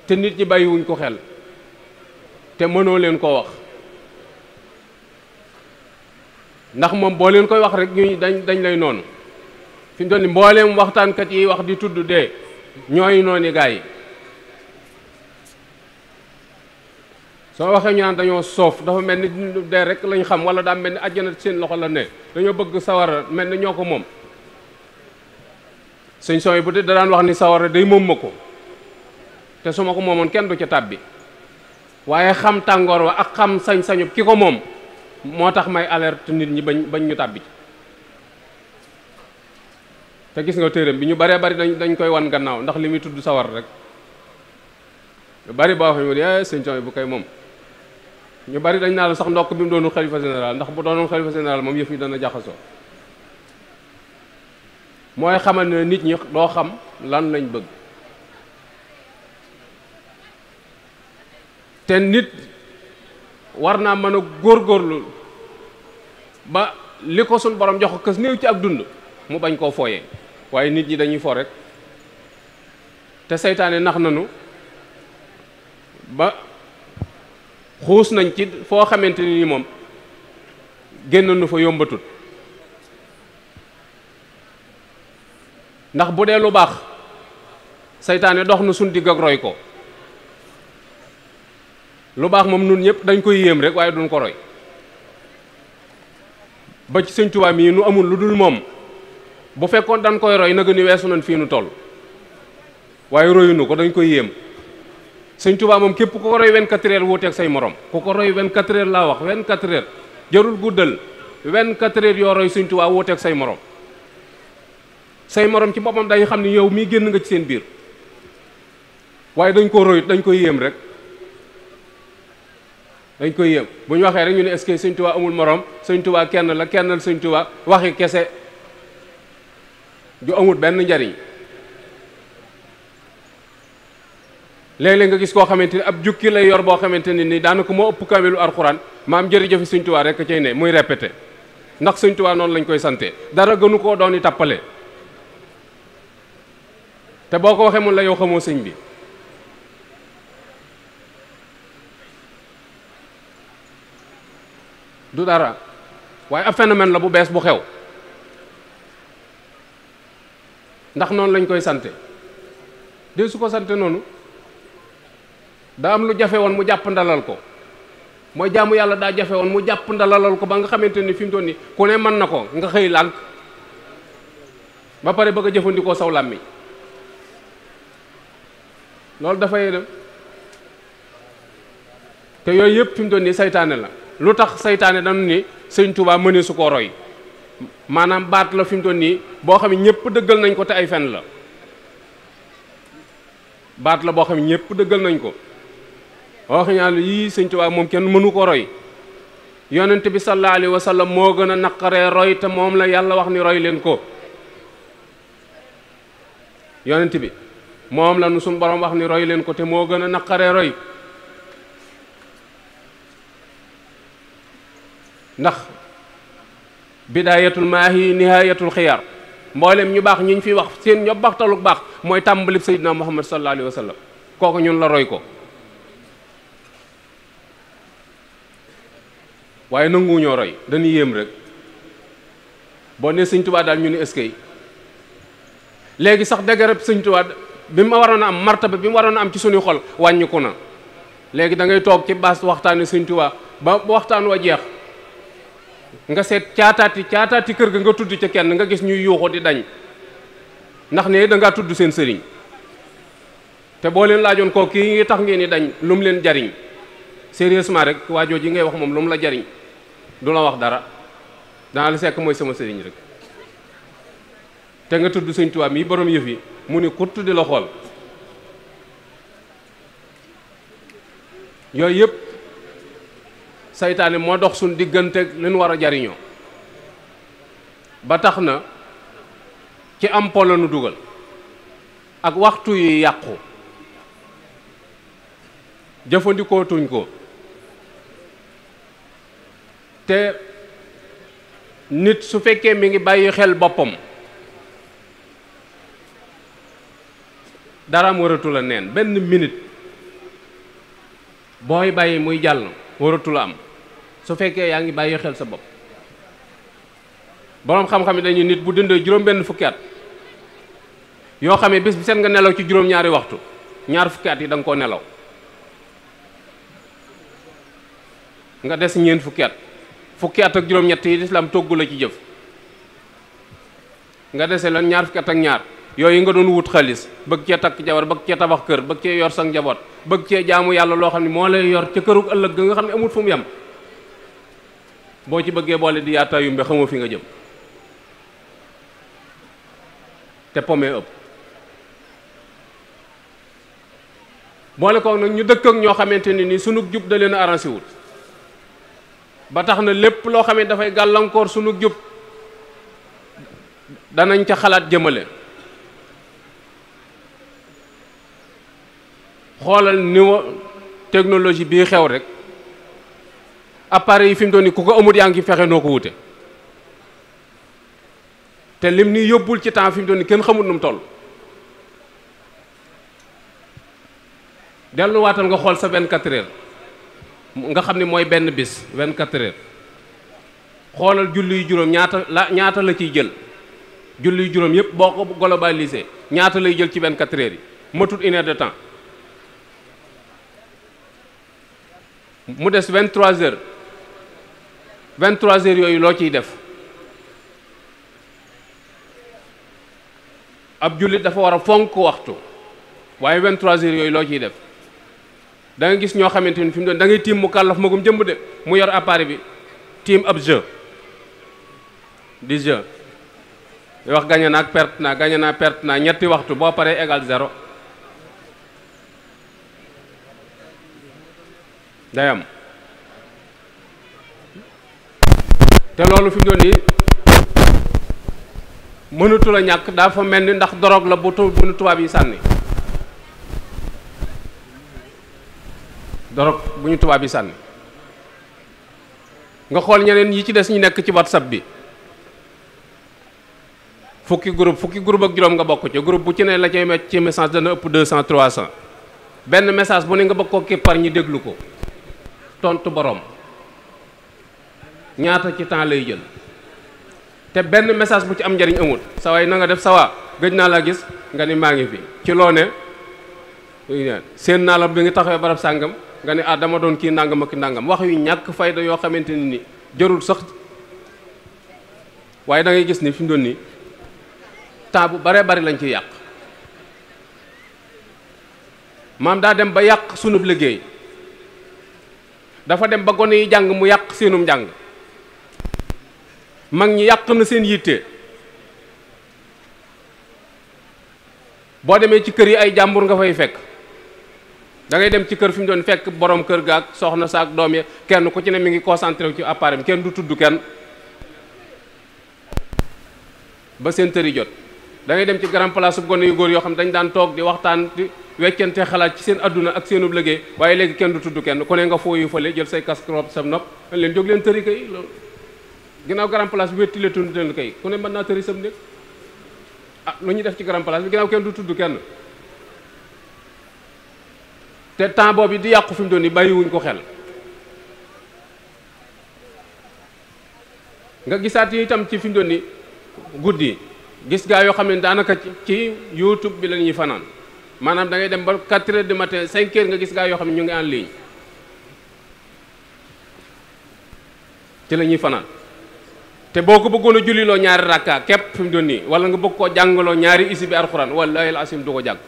te nit ñi bàyyiwuñ ko xel te mënoo leen ko wax ndax moom boo leen koy wax rek ñu dañ dañ lay noonu fi mu toll nii mbooleem waxtaankat yi wax di tudd dee ñooy noonu gaa yi soo waxee ñu naan dañoo soof dafa mel ni dee rek lañu xam wala daa mel ni àjjana seen loxo la ne dañoo bëgg sawara mel ni ñoo ko moom sëñ sooy bu de da daan wax ni sawara day moom ma ko te su ma ko moomoon kenn du ca tàbbi waaye xam tàngoor wa ak xam sañ-sañu ki ko moom moo tax may alerte nit ñi bañ bañ ñu tàbbi te gis nga téeram bi ñu baree bari dañ dañ koy wan gannaaw ndax li muy tudd sawar rek ñu bari boo xam ne eh, sëñ sooy bu koy moom ñu bari dañ naa la sax ndokk bi mu doonu xalifa général ndax bu doonoon xalifa général moom yëf yi dana jaxasoo mooy xamal na nit ñi doo xam lan lañ bëgg te nit war naa mën a góorlu ba li ko suñ borom jox ko kës néew ci ak dund mu bañ koo fooyee waaye nit ñi dañuy foo rek te seytaane nax nanu ba xuus nañ ci foo xamante ni moom génn nu fa yombatut ndax bu dee lu baax seytaane dox na suñ digg roy ko lu baax moom nun ñëpp dañ koy yéem rek waaye duñ ko roy ba ci sëñ Tuubaa mii nu amul lu dul moom bu fekkoon dañ koy roy nag ni weesu nañ fii nu toll waaye royunu ko dañ koy yéem sëñ Tuubaa moom képp ku ko roy 24 heures teg say morom ku ko roy 24 heures laa wax 24 heures jarul guddal 24 heures yoo roy sëñ Tuubaa teg say morom say moroom ci boppam dañu xam ne yow mii génn nga ci seen biir waaye dañ koo royut dañ koy yéem rek dañ koy yéem bu ñu waxee rek ñu ne est-ce que sëñ Tuubaa amul morom sëñ kenn la kennal sëñ Tuubaa waxi kese ju amul benn njariñ léeg nga gis koo xamante ni ab jukki lay yor boo xamante ne ni daanaka moo ëpp kaamilu alxuraan maam jërëjëf sëñ Tuubaa rek cay ne muy répété ndax sëñ Tuubaa noonu lañ koy sante dara gënu koo doon i tàppale te boo ko waxee mun la yow xamoo sëñ bi du dara waaye ab phénomène la bu bees bu xew ndax noonu lañ koy sante de su ko sante noonu daa am lu jafe woon mu jàpp ndalal ko mooy jaamu yàlla daa jafe woon mu jàpp ndalalal ko ba nga xamante ni fi ton toll ni ku ne mën na ko nga xëy lànk ba pare bëgg a jëfandikoo saw làmmiñ loolu dafa yéeneem te yooyu yëpp fi mu doon nii seytaane la lu tax seytaane dañu ni sëñ Touba mënee su ko roy maanaam baat la fi mu doon nii boo xam ne ñëpp dëggal nañ ko te ay fen la baat la boo xam ne ñëpp dëggal nañ ko wax ñaan yii sëñ Touba moom kenn mënu ko roy yonent bi sallallahu alayhi wa moo gën a naqaree roy te moom la yàlla wax ni roy leen ko yonent bi. moom la nu suñu borom wax ni roy leen ko te moo gën a naqaree roy ndax bidaayatul maahi nihaayatul xiyaar mboolem ñu baax ñu ñu fi wax seen ñob baax baax mooy tàmbalib sayyidina muhammad sallallahu alayhi wa sallam kooku ñun la roy ko waaye nanguwu roy dañuy yéem rek boo ne sëñ daal ñu ne eskay léegi sax dëgërëb sëñtuwaat bi mu waroon a am martaba bi mu waroon am ci sunuy xol wàññiku na léegi dangay toog ci baas waxtaani Sëñ Tuubaa ba waxtaan wa jeex nga seet caataati caataati kër gi nga tudd ca kenn nga gis ñuy yuuxu di dañ ndax ne dangaa tudd seen sëriñ te boo leen laajoon koo kii ngi tax ngeen ni dañ lum leen jariñ sérieusement rek waa jooju ngay wax moom lu mu la jariñ du la wax dara danaa la sekk mooy sama sëriñ rek te nga tudd Sëñ Tuubaa mi borom yëf yi mu ni kutt di la xool yooyu yëpp seytaane moo dox suñ diggante li ñu war a jariñoo ba tax na ci am po dugal ak waxtu yi yàqu jëfandikootuñ ko te nit su fekkee mi ngi bàyyi xel boppam daraam waratul a neen benn minit booy bàyyi muy jàll waratul a am su fekkee yaa ngi bàyyi xel sa bopp boroom xam-xam yi dañu nit bu dundee juróom benn fukki at yoo xam ne bis bi seen nga nelaw ci juróom ñaari waxtu ñaar fukki at yi danga koo nelaw nga des ñeent fukki at fukki at ak juróom-ñett yi toggu la ci jëf nga dese lan ñaar fukki at ak ñaar yooyu nga doon wut xaalis bëgg cee takk jabar bëgg cee tabax kër bëgg cee yor sang njaboot bëgg cee jaamu yàlla loo xam ne moo lay yor ca këru ëllëg ga nga xam ne amul fu mu yem boo ci bëggee boole di yaataa yumbe xamoo fi nga jëm te pomee ëpp boole ko nag ñu dëkk ak ñoo xamante ne ni sunu jub da leen arrangé wul ba tax na lépp loo xam ne dafay gàllankoor sunu jub danañ ca xalaat jëmale xoolal niveau technologie bii xew rek appareil yi fi mu doon ku ko amut yaa ngi fexe noo ko wute te lim ni yóbbul ci temps fi mu kenn xamut nu mu toll delluwaatal nga xool sa 24 heures nga xam ne mooy benn bis 24 heures xoolal julli yu juróom ñaata la ñaata la ciy jël julli yu juróom yëpp boo ko globalisé ñaata lay jël ci 24 heures yi matut une heure de temps mu des vingt trois heures vingt yooyu loo ciy def ab jullit dafa war a fonk waxtu waaye vingt trois yooyu loo ciy def da gis ñoo xamante ni fi mu doon da ngay tiim mu kàllaf magum jëmb de mu yor appareil bi tiim ab jeu di jeu di wax gañe naa ak perte naa gañe naa perte naa ñetti waxtu boo paree égal zéro day te loolu fi mu doon nii ñàkk daa mel ni ndax dorog la bu tu bu tubaab yi sànni dorog bu ñu yi sànni nga xool ñeneen yi ci des ñu nekk ci whatsapp bi fukki groupe fukki groupe ak juróom nga bokk ci groupe bu ci ne la cay met ci message dana ëpp cent benn message bu ne nga bokkoo képpar ñi déglu ko tontu boroom ñaata ci temps lay jël te benn message bu ci am njariñ amul sawaay na nga def sawaa gëj naa la gis nga ni maa ngi fi ci loo ne seen naa la bi nga taxawee barab sàngam nga ne ah dama doon kii nàngam ak nàngam wax yu ñàkk fayda yoo xamante ni ni jërul sax waaye dangay gis ni fi mu doon ni temps bu baree bari lañ ci yàq maam daa dem ba yàq sunub liggéey dafa dem ba gone yi jàng mu yàq seenum njàng mag ñi yàq na seen yitte boo demee ci kër yi ay jàmbur nga fay fekk da dem ci kër fi mu doon fekk borom kër ga ak soxna sa ak doom ya kenn ku ci ne mi ngi concentré wu ci appareil kenn du tudd kenn ba seen tëri jot da dem ci grand place su gone yu góor yoo xam dañ daan toog di waxtaan di weccante xalaat ci seen adduna ak seenu liggéey waaye léegi kenn du tudd kenn ku ne nga foo yu fale jël say casque rob sam nopp man leen jóg leen tëri kay loolu ginnaaw grand place bi wetti la tudd leen kay ne mën naa tëri sam néeg lu ah, ñuy def ci grand place bi ginnaaw kenn du tudd kenn te temps boobu di yàqu fi mu doon ni bàyyiwuñ ko xel nga gisaat yi itam ci fi mu doon ni guddi gis gaa yoo xam ne daanaka ci youtube bi la ñuy fanaan maanaam dangay dem ba 4 heures de matin 5 heures nga gis gaa yoo xam ñu ngi en ligne ci la ñuy fanaan te boo ko bëggoon a julliloo ñaari rakka képp fi mu doon nii wala nga bëgg koo jàngaloo ñaari isi bi alxuraan wallaahi asim du ko jàng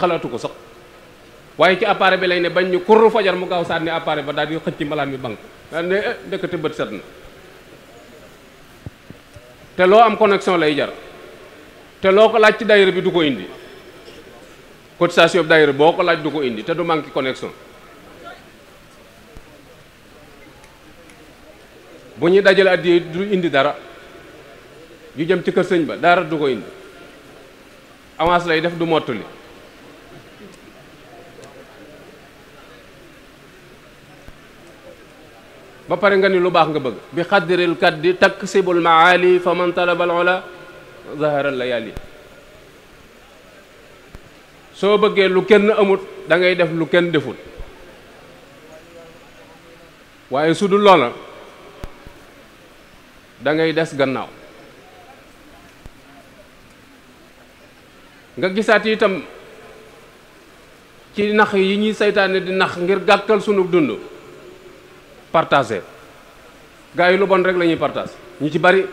xalaatu ko sax waaye ci appareil bi lay ne bañ ñu kurru fajar mu gaaw sànni appareil ba daal di xëcc malaan mi banque daal ne eh, ndekk te bët set na te loo am connexion lay jar te loo ko laaj ci daayira bi du ko indi cotisation bi daayira boo ko laaj du ko indi te du manqué connexion bu ñuy dajale addiya du indi dara yu jëm ci kër sëñ ba dara du ko indi avance lay def du mottali ba pare nga ni lu baax nga bëgg bi xaddiril kat di takk sibul maali fa man talabal ola zaharal la yàlli soo bëggee lu kenn amut dangay def lu kenn deful waaye su dul loola da ngay des gannaaw nga gisaati itam ci nax yi ñuy seytaane di nax ngir gàkkal sunu dund partager gaa yi lu bon rek lañuy ñuy ñu ci bari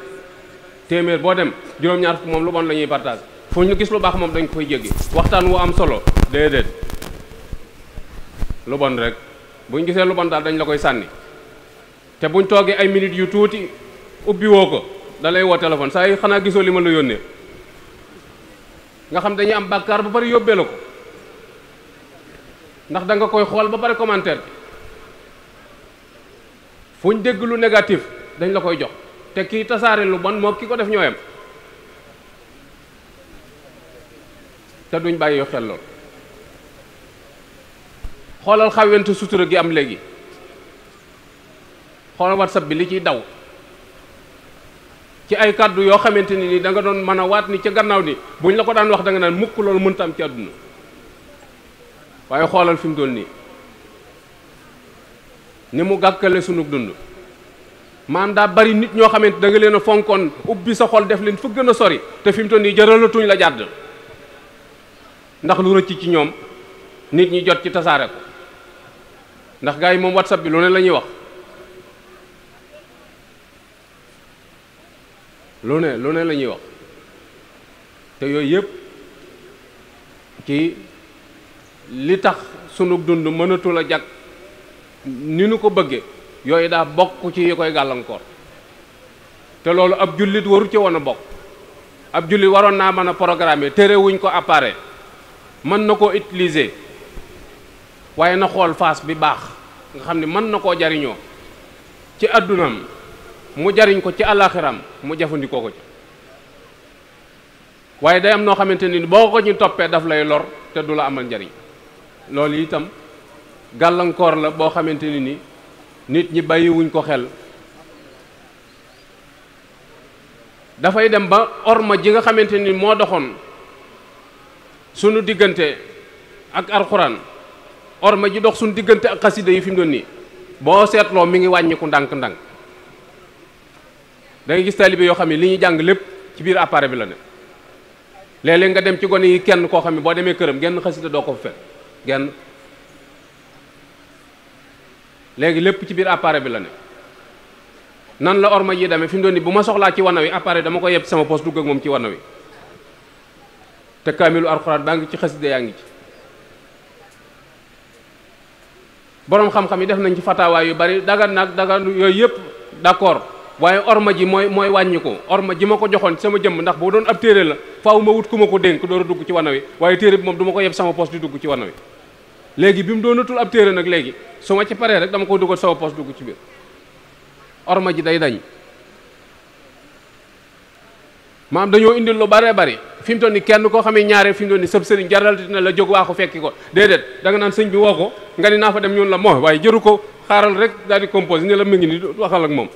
téeméer boo dem juróom-ñaar fukk moom lu bon la ñuy partage fu ñu gis lu baax moom dañ koy jéggi waxtaan wu am solo déedéet lu bon rek bu ñu gisee lu bon daal dañ la koy sànni te buñ toogee ay minit yu tuuti ubbi woo ko da woo téléphone saa yi xanaa gisoo li ma la yónnee nga xam dañuy am bàkkaar ba pare yóbbee la ko ndax danga koy xool ba pare commentaire bi fu ñu dégg lu négatif dañ la koy jox te kii tasaare lu bon moo ki ko def ñooyam te duñu bàyyi xel lool xoolal xawente sutura gi am léegi xoolal whatsapp bi li ciy daw ci ay kàddu yoo xamante ni da nga doon mën a wat ni ci gannaaw ni buñ la ko daan wax danga nga naan mukk loolu mënta am ci àdduna waaye xoolal fi mu toll nii ni mu gàkkale sunu dund maanaam daa bari nit ñoo xamante danga leen a fonkoon ubbi sa xol def leen fa gën a sori te fi mu toll nii jaralatuñ la jàdd ndax lu rëcc ci ñoom nit ñi jot ci tasaare ko ndax gars yi moom whatsapp bi lu ne la wax lu ne lu ne la wax te yooyu yëpp ci li tax sunu dund mënatul a jag ni nu ko bëggee yooyu daa bokk ci yi koy gàllankoor te loolu ab jullit waru ci woon a bokk ab jullit waroon naa mën a programmer téere wuñ ko appareil mën na koo utiliser waaye na xool faas bi baax nga xam ne mën na koo jariñoo ci àddunam mu jariñ ko ci àllaaxiram mu jëfandikoo ko ci waaye day am noo xamante ni boo ko ñi toppee daf lay lor te du la amal njariñ loolu itam gàllankoor la boo xamante ni ni nit ñi bàyyiwuñ ko xel dafay dem ba orma ji nga xamante ni moo doxoon sunu diggante ak alxuraan orma ji dox sunu diggante ak xasida yi fi mu doon nii boo seetloo mi ngi wàññiku ndànk-ndànk da nga gis taalibe yoo xam ne li ñuy jàng lépp ci biir appareil bi la ne léeg-léeg nga dem ci gone yi kenn koo xam ne boo demee këram genn xasida doo ko fa genn léegi lépp ci biir appareil bi la ne nan la orma ji demee fi mu bu ma soxlaa ci wana wi appareil dama ko yeb sama poste dugg ak moom ci wana wi te kaamilu alxuraan daa ngi ci xasida yaa ngi ci boroom xam-xam yi def nañ ci fataawaay yu bari dagan nag dagan yooyu yëpp d'accord waaye orma ji mooy mooy wàññi ko orma ji ma ko joxoon sama jëmm ndax boo doon ab téere la faaw ma wut ku ko dénk door a dugg ci wana wi waaye téere bi moom duma ko yeb sama poos di dugg ci wana wi léegi bi mu doonatul ab téere nag léegi su ma ci paree rek dama koo dugal sama poos dugg ci biir orma ji day dañ maam dañoo indil lu bare bari fi mu toll ni kenn koo xamee ñaaree fi mu toll ni sëb sëriñ jaralti na la jóg waaxu fekki ko déedéet da nga naan sëñ bi woo ko nga ni naa fa dem ñun la moo waaye jëru ko xaaral rek daal di composé ne la mu ngi ni waxal ak moom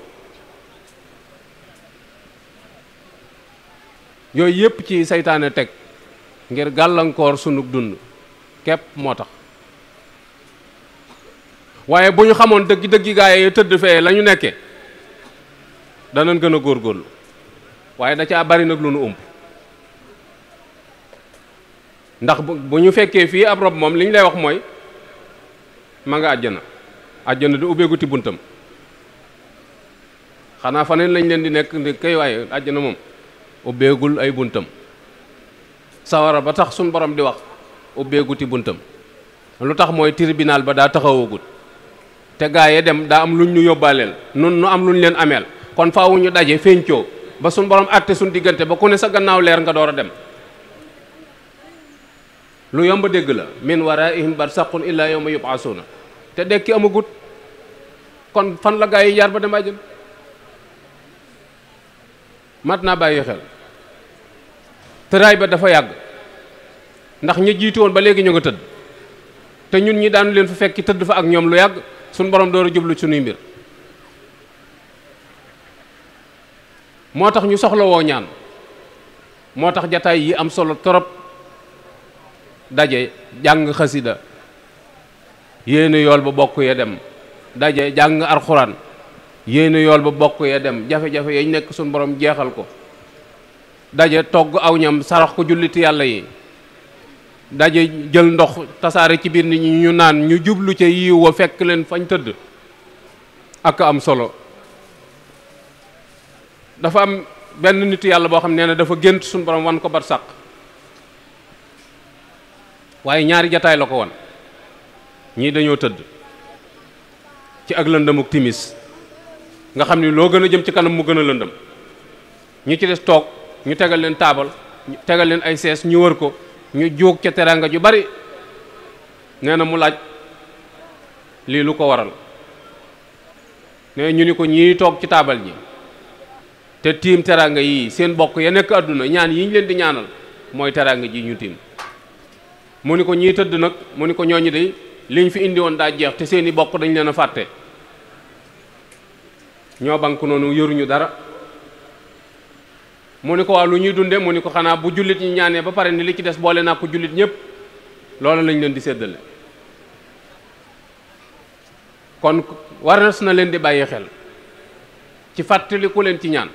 yooyu yëpp ci seytaane teg ngir gàllankoor sunug dund képp moo tax waaye bu ñu xamoon dëgg dëgg gaa yi tëdd fee la ñu nekkee danañ gën a góorgóorlu waaye da caa bari nag lu nu ump ndax bu ñu fekkee fii ab rob moom li ñu lay wax mooy ma nga àjjana di du ubbeeguti buntam xanaa faneen lañ leen di nekk ndi kay waaye àjjana moom ubbeegul ay buntam sawara ba tax suñ borom di wax ubbeeguti buntam lu tax mooy tribunal ba daa taxawagut te gaa yee dem daa am luñ ñu yóbbaaleel nun nu am luñ leen ameel kon faawu ñu daje fencoo ba suñ borom àtte suñ diggante ba ku ne sa gannaaw leer nga door a dem lu yomb dégg la min waraihim barsaqun illaa yawma na te dekki amagut kon fan la gaa yi jaar ba dem àjjana mat naa bàyyi xel tëraay ba dafa yàgg ndax ñi jiitu woon ba léegi ñu nga tëdd te ñun ñi daan leen fu fekki tëdd fa ak ñoom lu yàgg suñ borom door a jublu suñuy mbir moo tax ñu soxlawoo ñaan moo tax jataay yi am solo torop daje jàng xasida yéena yool ba bokk ya dem daje jàng alxuraan yéena yool ba bokk ya dem jafe-jafe yañ nekk suñu borom jeexal ko daje togg aw ñam sarax ko julliti yàlla yi daje jël ndox tasaare ci biir nit ñi ñu naan ñu jublu ca yiw wa fekk leen fañ tëdd ak am solo dafa am benn nit yàlla boo xam nee na dafa gént suñu borom wan ko bat sàq waaye ñaari jataay la ko won ñii dañoo tëdd ci ak lëndëmuk timis nga xam ni loo gën a jëm ci kanam mu gën a lëndëm ñu ci des toog ñu tegal leen taabal ñu tegal leen ay sees ñu wër ko ñu juug ca teraanga ju bari nee na mu laaj lii lu ko waral nee ñu ni ko ñii toog ci taabal ji te tiim teraanga yii seen bokk ya nekk àdduna ñaan yi ñu leen di ñaanal mooy teraanga ji ñu tiim mu ni ko ñii tëdd nag mu ni ko ñooñu de liñ fi indi woon daa jeex te seeni bokk dañ leen a fàtte ñoo bank noonu yoruñu dara mu ni ko waa lu ñuy dunde mu ni ko xanaa bu jullit ñi ñaanee ba pare ni li ci des boole naa ko jullit ñépp loolu lañ leen di séddale kon waras na leen di bàyyi xel ci fàttaliku leen ci ñaan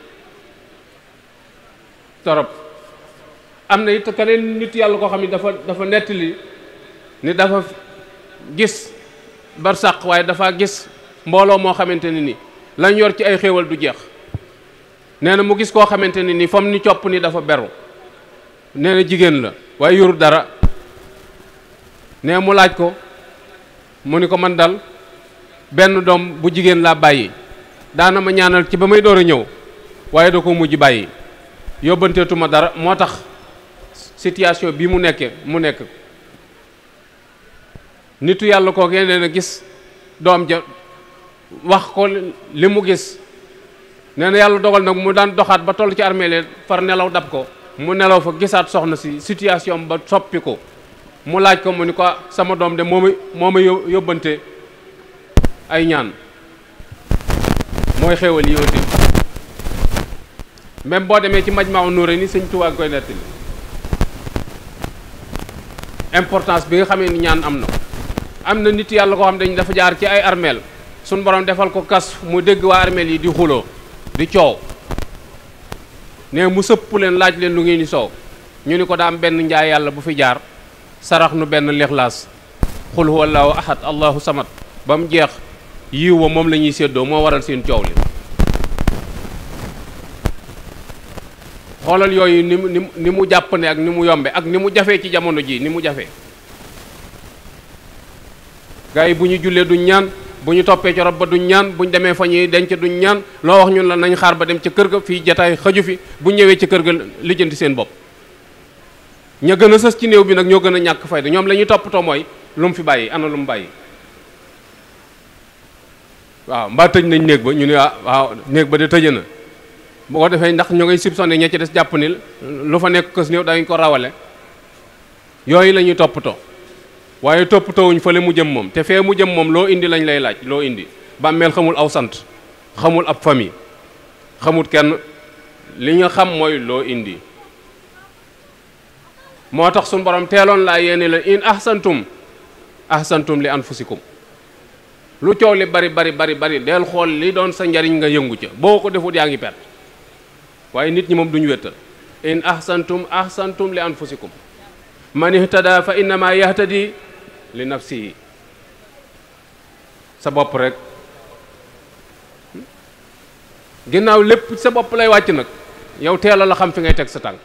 torop am na it keneen nit yàlla koo xam ne dafa dafa nettali ni dafa gis barsàq waaye dafa gis mbooloo moo xamante ne ni lañ yor ci ay xéewal du jeex nee na mu gis koo xamante ne ni fam ni copp ni dafa beru nee na jigéen la waaye yoru dara nee mu laaj ko mu ni ko man dal benn doom bu jigéen laa bàyyi daana ma ñaanal ci ba may door a ñëw waaye da ko mujj bàyyi yóbbanteetuma dara moo tax situation bi mu nekkee mu nekk nitu yàlla koo yeneen a gis doom ja wax ko li mu gis nee na yàlla dogal nag mu daan doxaat ba toll ci armeel far nelaw dab ko mu nelaw fa gisaat soxna si situation ba soppi ko mu laaj ko mu ni ko sama doom de moo ma moo ma yóbbante ay ñaan mooy xéewal yi même boo demee ci maj Majmahun Nurayni sëñ Tuubaa koy nettali importance bi nga xamee ni ñaan am na am na nit yàlla koo xam dañ dafa jaar ci ay armeel suñ borom defal ko kas mu dégg waa armeel yi di xuloo di coow ne mu sëpp leen laaj leen lu ngeen di soow ñu ni ko daam benn njaay yàlla bu fi jaar sarax nu benn lixlaas xul huwallaahu ahad allahu samad ba mu jeex yiw wa moom la ñuy séddoo moo waral seen coow li xoolal yooyu ni mu ni mu jàpp ne ak ni mu yombe ak ni mu jafee ci jamono ji ni mu jafe gars bu ñu jullee duñ ñaan bu ñu toppee ci ba duñ ñaan bu ñu demee fa ñuy denc duñ ñaan loo wax ñun la nañu xaar ba dem ca kër ga fii jataay xaju fi bu ñëwee ci kër ga lijjanti seen bopp ña gën a sës ci néew bi nag ñoo gën a ñàkk fayda ñoom lañuy ñuy toppatoo mooy lu mu fi bàyyi ana lu mu bàyyi waaw mbaa tëj nañ néeg ba ñu ne ah waaw néeg ba de tëje na boo ko defee ndax ñoo ngay soupçonné ña ci des jàpp ni lu fa nekk kës néew dañu ko rawale yooyu la ñuy toppatoo waaye toppatoowuñ fële mu jëm moom te fee mu jëm moom loo indi lañ lay laaj loo indi bàmmeel xamul aw sant xamul ab famille xamul kenn li nga xam mooy loo indi moo tax suñu borom teeloon laa yéene la in ahsantum ahsantum li an anfusikum lu coow li bari bari bari bari del xool li doon sa njariñ nga yëngu ca boo ko defut yaa ngi perte waaye nit ñi moom duñu wéttal in ahsantum ahsantum li an anfusikum man ihtada fa innama di li nafsihi sa bopp rekk ginnaaw lépp sa bopp lay wàcc nag yow teela la xam fi ngay teg sa tànk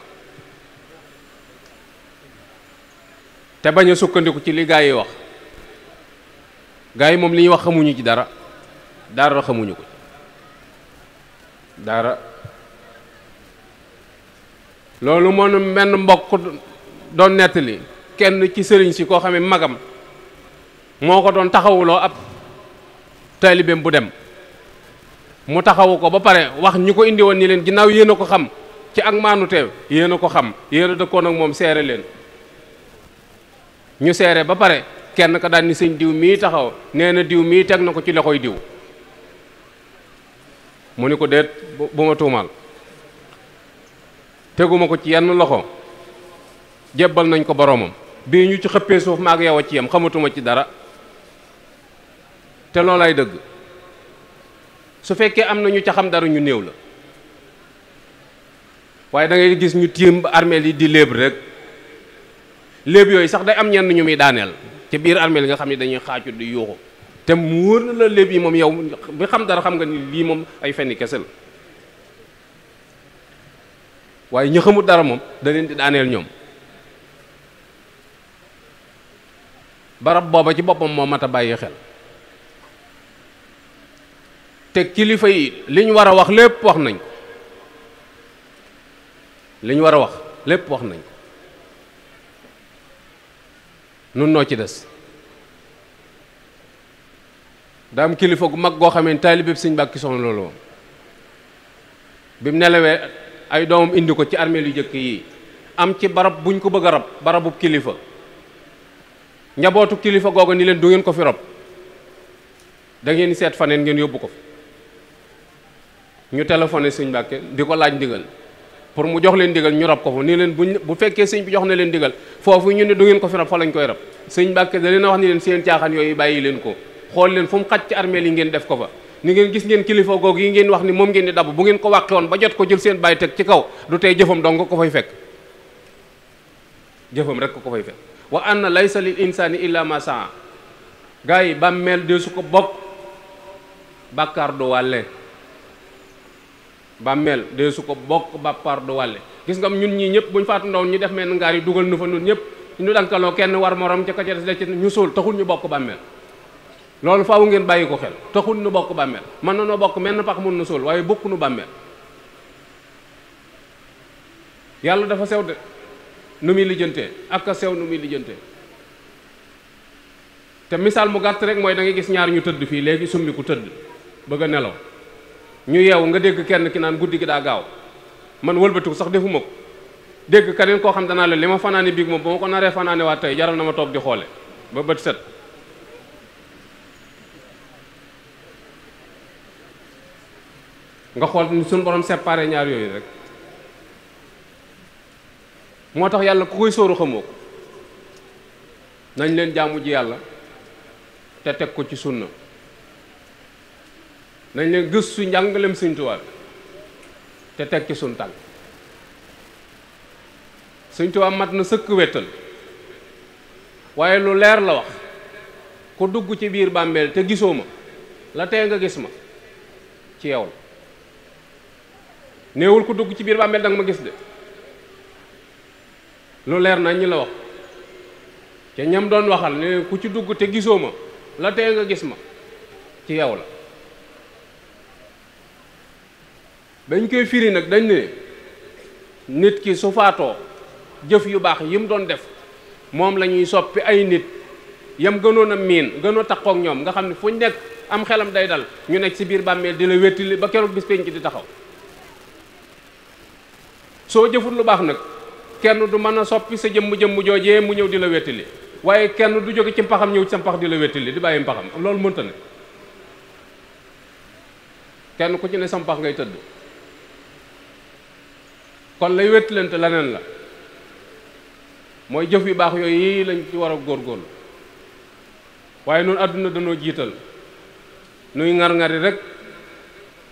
te bañ a sukkandiku ci li gaa yi wax gaa yi moom li ñuy wax xamuñu ci dara dara xamuñu ko dara loolu moo nu benn mbokk doon nettali kenn ci sëriñ si koo xam ne magam moo ko doon taxawuloo ab taalibeem bu dem mu taxawu ko ba pare wax ñu ko indi woon ni leen ginnaaw yéen a ko xam ci ak maanu teew yéen ko xam yéen a dëkkoon ak moom seere leen ñu seere ba pare kenn ka daal ni sëñ diw mii taxaw nee na diw mii teg na ko ci loxoy diw mu ni ko déet bu ma tuumaal teguma ko ci yenn loxo jebbal nañ ko boroomam bii ñu ci xëppee suuf ma ak yow ci yam xamatuma ci dara te loolay dëgg su fekkee am na ñu ca xam dara ñu néew la waaye dangay gis ñu tiim armeel yi di léeb rek léeb yooyu sax day am ñenn ñu muy daaneel ci biir armeel yi nga xam ne dañuy xaaju di yuuxu te mu wóor na la léeb yi moom yow mu xam dara xam nga ni lii moom ay fenn kese la waaye ñu xamul dara moom da di daaneel ñoom barab booba ci boppam moo mat a bàyyi xel te kilifa yi li war a wax lépp wax nañ ko war a wax lépp wax nañ ko nun noo ci des daam kilifa gu mag goo xamee taalibe bi sëñ Mbàkke Soxna loolu moom bi mu nelawee ay doomam indi ko ci armeel yu jëkk yi am ci barab buñ ko bëgg a rab barabub kilifa njabootu kilifa googu ni leen du ngeen ko fi rob da ngeen seet faneen ngeen yóbbu ko fi ñu téléphoné sëñ Mbàkke di ko laaj ndigal pour mu jox leen ndigal ñu rab ko fa ni leen buñ bu fekkee sëñ bi jox na leen digal foofu ñu ne du ngeen ko fi rab fa lañ koy rab sëñ Mbàkke da leen a wax ni leen seen caaxaan yooyu bàyyi leen ko xool leen fu mu xaj ci armeel yi ngeen def ko fa ni ngeen gis ngeen kilifa googu yi ngeen wax ni moom ngeen di dabb bu ngeen ko wàqe woon ba jot ko jël seen bàyyi teg ci kaw du tey jëfam donk ko fay fekk jëfam rek ko ko fay fekk wa anna laysa lil insani illa ma saa gaa yi bàmmeel de su ko bokk bàkkaar du wàlle bàmmeel de su ko bokk bàkkaar du wàlle gis nga ñun ñii ñëpp buñ faatu ndaw ñu def meen ngaar yi dugal nu fa ñun ñëpp ñu dankaloo kenn war morom ca ka ca des ci ñu suul taxul ñu bokk bàmmeel loolu faaw ngeen bàyyi ko xel taxul nu bokk bàmmeel mën na noo bokk menn pax mun na sóol waaye bokk nu bàmmeel yàlla dafa sew de nu muy lijjantee ak a sew nu muy lijjantee te misaal mu gàtt rek mooy da ngay gis ñaar ñu tëdd fii léegi summi ku tëdd bëgg a nelaw ñu yeewu nga dégg kenn ki naan guddi ki daa gaaw man wëlbatiku sax defuma ko dégg keneen koo xam danaa la li ma fanaane biig moom ba ma ko naree fanaane waa tey jaral na ma toog di xoole ba bët set nga xool ni suñu borom séparé ñaar yooyu rek moo tax yàlla ku koy sóoru xamoo ko nañ leen jaamu ji yàlla te teg ko ci sunna nañ leen gëstu njàngalem Sëñ Tuubaa te teg ci sun tànk Sëñ Tuubaa mat na sëkk wettal waaye lu leer la wax ku dugg ci biir bàmmeel te gisoo ma la tee nga gis ma ci yow néewul ku dugg ci biir bàmmeel danga ma gis de lu leer na ñi la wax te ñam doon waxal ne ku ci dugg te gisoo ma la tee nga gis ma ci yow la dañ koy firi nag dañ ne nit ki su jëf yu baax yi mu doon def moom lañuy soppi ay nit yam gënoon a miin gën a taqoog ñoom nga xam ne fu ñu nekk am xelam day dal ñu nekk ci biir bàmmeel di la wéttali ba keroog bis penc di taxaw soo jëful lu baax nag kenn du mën a soppi sa jëmm jëmm joojee mu ñëw di la wettali waaye kenn du jóge ci mpaxam ñëw ci sa mpax di la wettali di bàyyi mpaxam loolu mënta ne kenn ku ci ne sa mpax ngay tëdd kon la lay wettilante leneen la mooy jëf yu baax yooyu yi lañ ci war a góorgóorlu waaye noonu àdduna dañoo jiital nuy ngar-ngari rek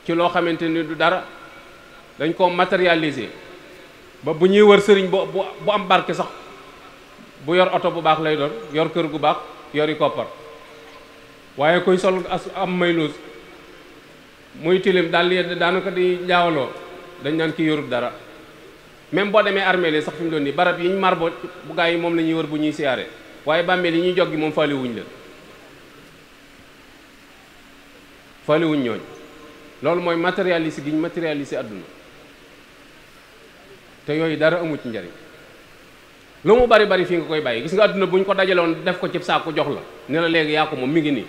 ci loo xamante ni du dara dañ koo matérialiser ba bu ñuy wër sëriñ bu bu am barke sax bu yor oto bu baax lay doon yor kër gu baax yori koppar waaye koy sol as am mayluus muy tilim daal di daanaka di njaawaloo dañ daan kii yorut dara même boo demee armeel sax fi mu doon nii barab yi ñu marbo bu gaa yi moom la ñuy wër bu ñuy siyaare waaye bàmmeel yi ñuy joggi moom faale wuñ leen faale wuñ ñooñ loolu mooy matérialiser gi ñu matérialiser àdduna te yooyu dara amu ci njariñ lu mu bari bari fii nga koy bàyyi gis nga àdduna bu ñu ko dajaloon def ko ci saako jox la ne la léegi yàqu moom mi ngi nii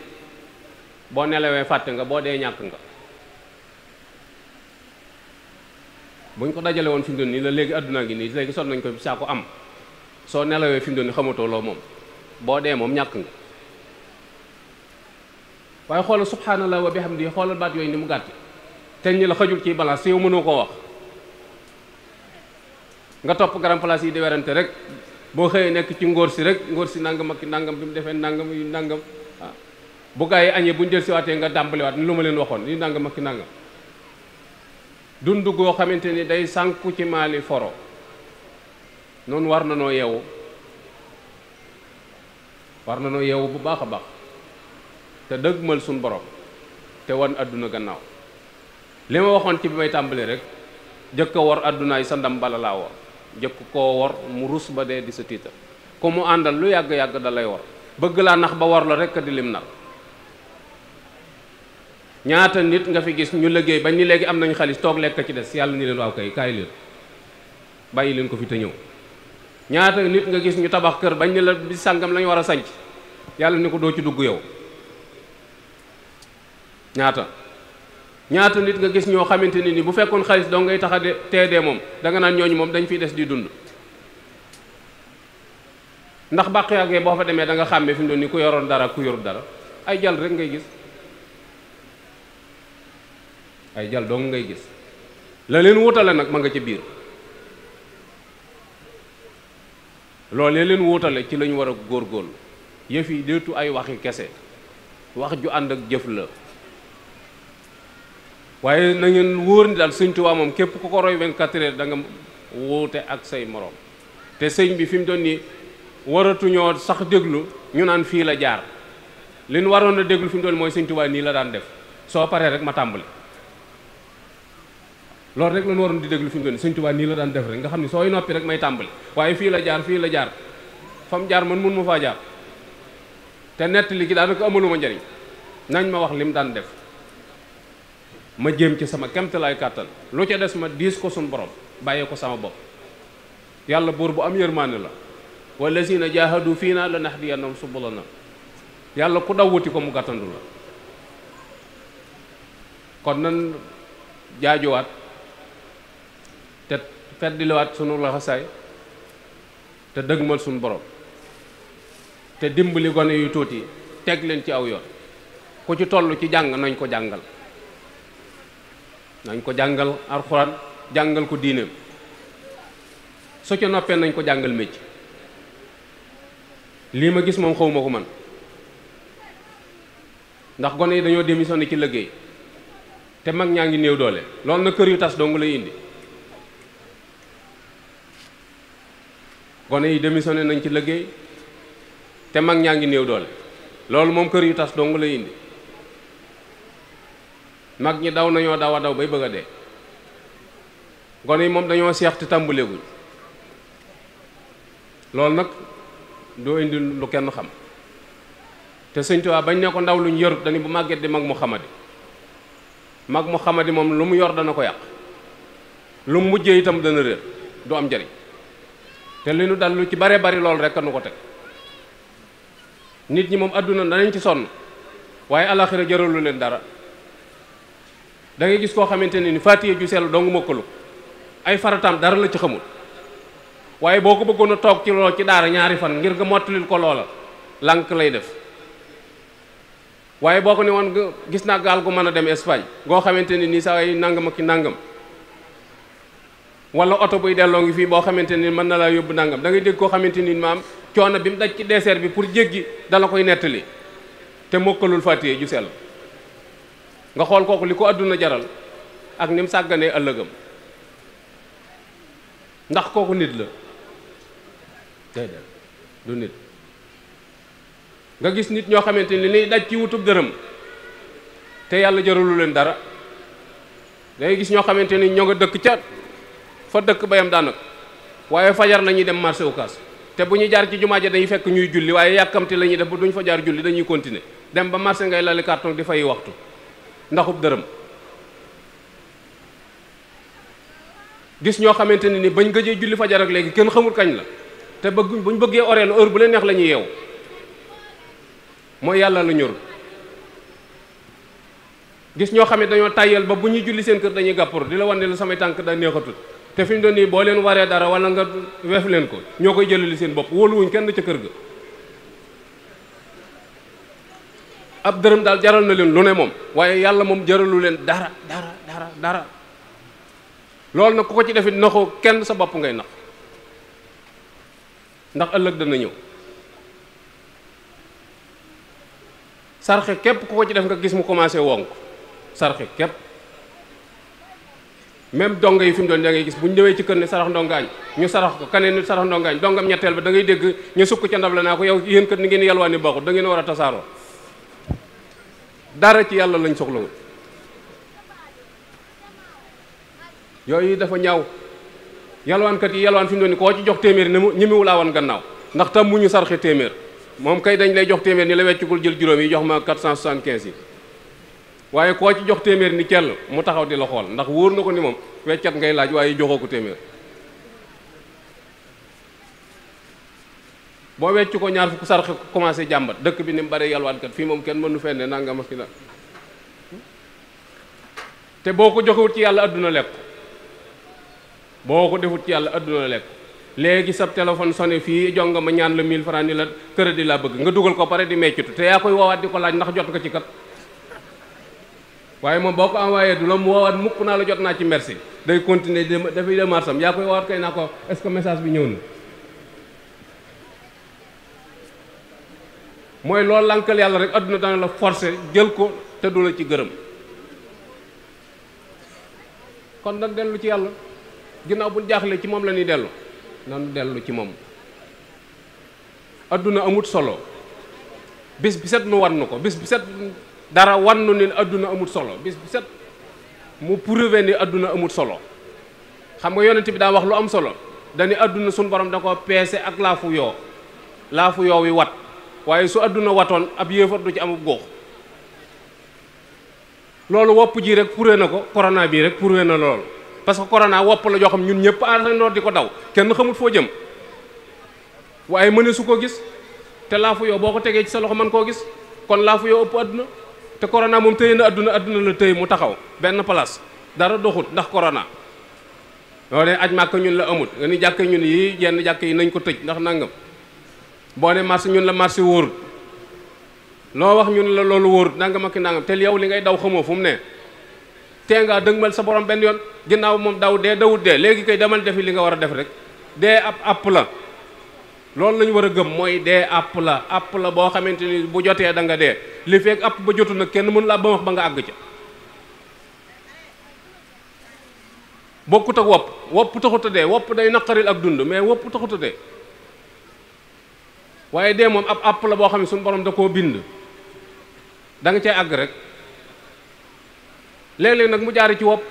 boo nelawee fàtte nga boo dee ñàkk nga bu ñu ko dajale woon fi mu nii la léegi àdduna ngi nii léegi son nañ ko bi saako am soo nelawee fi mu doon nii xamatoo loo moom boo dee moom ñàkk nga waaye xoolal subhanallah wa bihamdi xoolal baat yooyu ni mu gàtte te ñi la xajul ci balance te yow mënoo koo wax nga topp garam place yi di werante rek boo xëyee nekk ci ngóor si rek ngóor si nangam ak nangam bi mu defee nangam yu nangam ah. bu gaa yi añee bu ñu del siwaatee nga dàmbaliwaat ni lu ma leen waxoon li nangam ak nangam dund goo xamante ni day sànku ci maali foro noonu war na noo yeewu war na noo yeewu bu baax a baax te dëgmal suñ borom te wan àdduna gannaaw li ma waxoon ci bi may tàmbali rek jëkk a war àddunaay sa ndam bala laa war jëkk koo wor mu rus ba dee di sa tiitar ku mu àndal lu yàgg-yàgg da lay wor bëgg laa nax ba war la rekk di lim nag ñaata nit nga fi gis ñu liggéey bañ ni léegi am nañ xaalis toog lekk ci des yàlla ni leen waaw kay kaay leen bàyyi leen ko fi te ñëw ñaata nit nga gis ñu tabax kër bañ ni la bi sàngam lañu war a sanc yàlla ni ko doo ci dugg yow ñaata ñaata nit nga gis ñoo xamante ne ni bu fekkoon xaalis doo ngay tax a teedee moom danga naan ñooñu moom dañ fiy des di dund ndax bàq yàggee boo fa demee danga nga xàmmee fi mu doon ni ku yoroon dara ku yorut dara ay jal rek ngay gis ay jal dong ngay gis la leen wutale nag ma nga ci biir loolee leen wutale ci lañu war a góorgóorlu yëf yi déetu ay waxi kese wax ju ànd ak jëf la waaye na ngeen wóor ni daal sëñ Tuubaa moom képp ku ko roy 24 heures da nga wuute ak say morom te sëñ bi fi mu doon nii waratuñoo sax déglu ñu naan fii la jaar li waroon na déglu fi mu doon mooy sëñ nii la daan def soo paree rek ma tàmbali. loolu waroon di déglu fi mu doon nii sëñ Tuubaa nii la daan def rek nga xam ne sooy noppi rek may tàmbali waaye fii la jaar fii la jaar fa mu jaar mën mun ma faa jaar te nett li ki daanaka amaluma njariñ nañ ma wax lim daan def. ma jéem ci sama kemtalaay kàttan lu ca des ma diis ko suñ borom bàyyee ko sama bopp yàlla buur bu am yërmaane la wallazina jaahadu fii naa la nax yenn lanahdiyannahum subulana yàlla ku daw wuti ko mu gàttandu la kon nan jaajuwaat te feddiliwaat sunu laxasaay te dëgmal sunu borom te dimbali gone yu tuuti teg leen ci aw yoon ku ci tollu ci jàng nañ ko jàngal nañ ko jàngal alxuraan jàngal ko diineem su ca noppee nañ ko jàngal mécc lii ma gis moom xawma ko man ndax gone yi dañoo démissionné ci liggéey te mag ñaa ngi néew doole loolu na kër yu tas dong lay indi gone yi demisone nañ ci liggéey te mag ñaa ngi néew doole loolu moom kër yu tas dong lay indi mag ñi daw nañoo daw a daw bay bëgg a dee gone yi moom dañoo seex te tàmbuleeguñ loolu nag doo indi lu kenn xam te Sëñ Tuubaa bañ ne ko ndaw luñ yorut dañu bu màgget di mag mu xamadi mag mu xamadi moom lu mu yor dana ko yàq lu mu mujjee itam dana réer du am njariñ te li nu dal lu ci bare bari loolu rek nu ko teg nit ñi moom àdduna danañ ci sonn waaye alaxira jëralu leen dara da ngay gis koo xamante ne ni fatiye ju sell dong mokkalu ay farataam dara la ci xamul waaye boo ko bëggoon a toog ci lool ci daara ñaari fan ngir nga mottalil ko loola lànk lay def waaye boo ko ne woon gis naa gaal gu mën a dem Espagne goo xamante ne nii saa ay nangam ak nangam wala oto buy delloo ngi fii boo xamante ni mën na laa yóbbu nangam da ngay dégg koo xamante ni maam coono bi mu daj ci désert bi pour jéggi dala koy nettali te mokkalul fàttee ju sell nga xool kooku li ko àdduna jaral ak ni mu sàgganee ëllëgam ndax kooku nit la déedéet du nit nga gis nit ñoo xamante ni li ñuy daj ci wutub dërëm te yàlla jaralu leen dara dangay gis ñoo xamante ni ñoo nga dëkk ca fa dëkk bayam daanaka waaye fajar la ñuy dem marché Ocass te bu ñu jaar ci jumaa ja dañuy fekk ñuy julli waaye yàkkamti la ñuy def ba duñ fa jaar julli dañuy continuer dem ba marché ngay lali carton di fay waxtu ndaxub dërëm gis ñoo xamante ne ni bañ gëjee julli fajar ak léegi kenn xamul kañ la te bëgguñ buñ bëggee oreelu heure bu leen neex la ñuy yeewu mooy yàlla la ñorul gis ñoo xam ne dañoo tàyyal ba bu ñuy julli seen kër dañuy gàppur di la wan ne la samay tànk da neexatul te fi mu doon boo leen waree dara wala nga weef leen ko ñoo koy jëlali seen bopp wóoluwuñ kenn ca kër ga ab dërëm daal jaral na leen lu ne moom waaye yàlla moom jaralu leen dara dara dara dara loolu nag ku ko ci defit naxoo kenn sa bopp ngay nax ndax ëllëg dana ñëw sarxe képp ku ko ci def nga gis mu commencé wonk sarxe képp même dong yi fi mu doon da ngay gis bu ñu ñëwee ci kër ne sarax ndongaañ ñu sarax ko kaneen ni sarax ndongaañ dongam ñetteel ba da ngay dégg ñu sukk ca ndab la naa ko yow yéen kër ni ngeen yalwaan ni baaxul da ngeen war a tasaaroo dara ci yàlla lañ soxla woon yooyu dafa ñaaw yalwaankat yi yalwaan fi mu ne koo ci jox téeméer ni mu ñemewu laa wan gannaaw ndax tam mu ñu sarxe téeméer moom kay dañ lay jox téeméer ni la weccugul jël juróom yi jox ma 475 yi waaye koo ci jox téeméer ni kell mu taxaw di la xool ndax wóor na ko ni moom weccat ngay laaj waaye joxoo ko téeméer boo weccu ko ñaar fukk sarxe ko commencé jàmbat dëkk bi ni mu bare yalwaankat fii moom kenn mënu fenne nangam ak nag te boo ko joxewut ci yàlla adduna lekk boo ko defut ci yàlla adduna lekk léegi sa téléphone sonné fii jongama ñaan la 1000 francs ni la crédit laa bëgg nga dugal ko pare di meccutu te yaa koy woowaat di ko laaj ndax jot nga ci kat waaye moom boo ko envoyé du la mu woowaat mukk naa la jot naa ci merci day continuer dafay démarche am yaa koy woowaat kay naa ko est-ce que message bi ñëw na mooy loo lankal yàlla rek àdduna dana la forcer jël ko te du la ci gërëm kon nan dellu ci yàlla ginnaaw bu jaaxle ci moom la ñuy dellu nan dellu ci moom àdduna amut solo bis bi set nu wannu ko bis bi set dara wannu ni adduna amut solo bis bi set mu prouvé ni adduna amut solo xam nga yonent bi daa wax lu am solo dañu àdduna suñu borom da ko peese ak laafu yoo laafu yoo wi wat waaye su àdduna watoon ab yéefar du ci amub góox loolu wopp jii rek puree na ko korona bii rek puree na lool parce que corona wopp la joo xam ñun ñëpp àndandoo di ko daw kenn xamul foo jëm waaye mëne su ko gis te laafu yoo boo ko tegee ci sa loxo man koo gis kon laafu yoo ëpp àdduna te corona moom tëye na àdduna àdduna la tey mu taxaw benn place dara doxut ndax corona. loolee aj màkk ñun la amut nga ni jàkk ñun yi yenn jàkk yi nañ ko tëj ndax nangam. boo ne marché ñun la marché wóorut loo wax ñun la loolu wóorut nangam ak nangam te yow li ngay daw xamoo fu mu ne tee ngaa dëgmal sa borom benn yoon ginnaaw moom daw dee dawut dee léegi koy demal defi li nga war a def rek dee ab app la loolu lañu war a gëm mooy dee app la àpp la boo xamante ni bu jotee da nga dee li fekk àpp ba jotu nag kenn mënu laa ba wax ba nga àgg ca bokkut ak wopp wopp taxut a dee wopp day naqaril ak dund mais wopp taxut a dee waaye dee moom ab àpp la boo xam ne suñu borom da koo bind da nga cay àgg rek léeg-léeg nag mu jaari ci wopp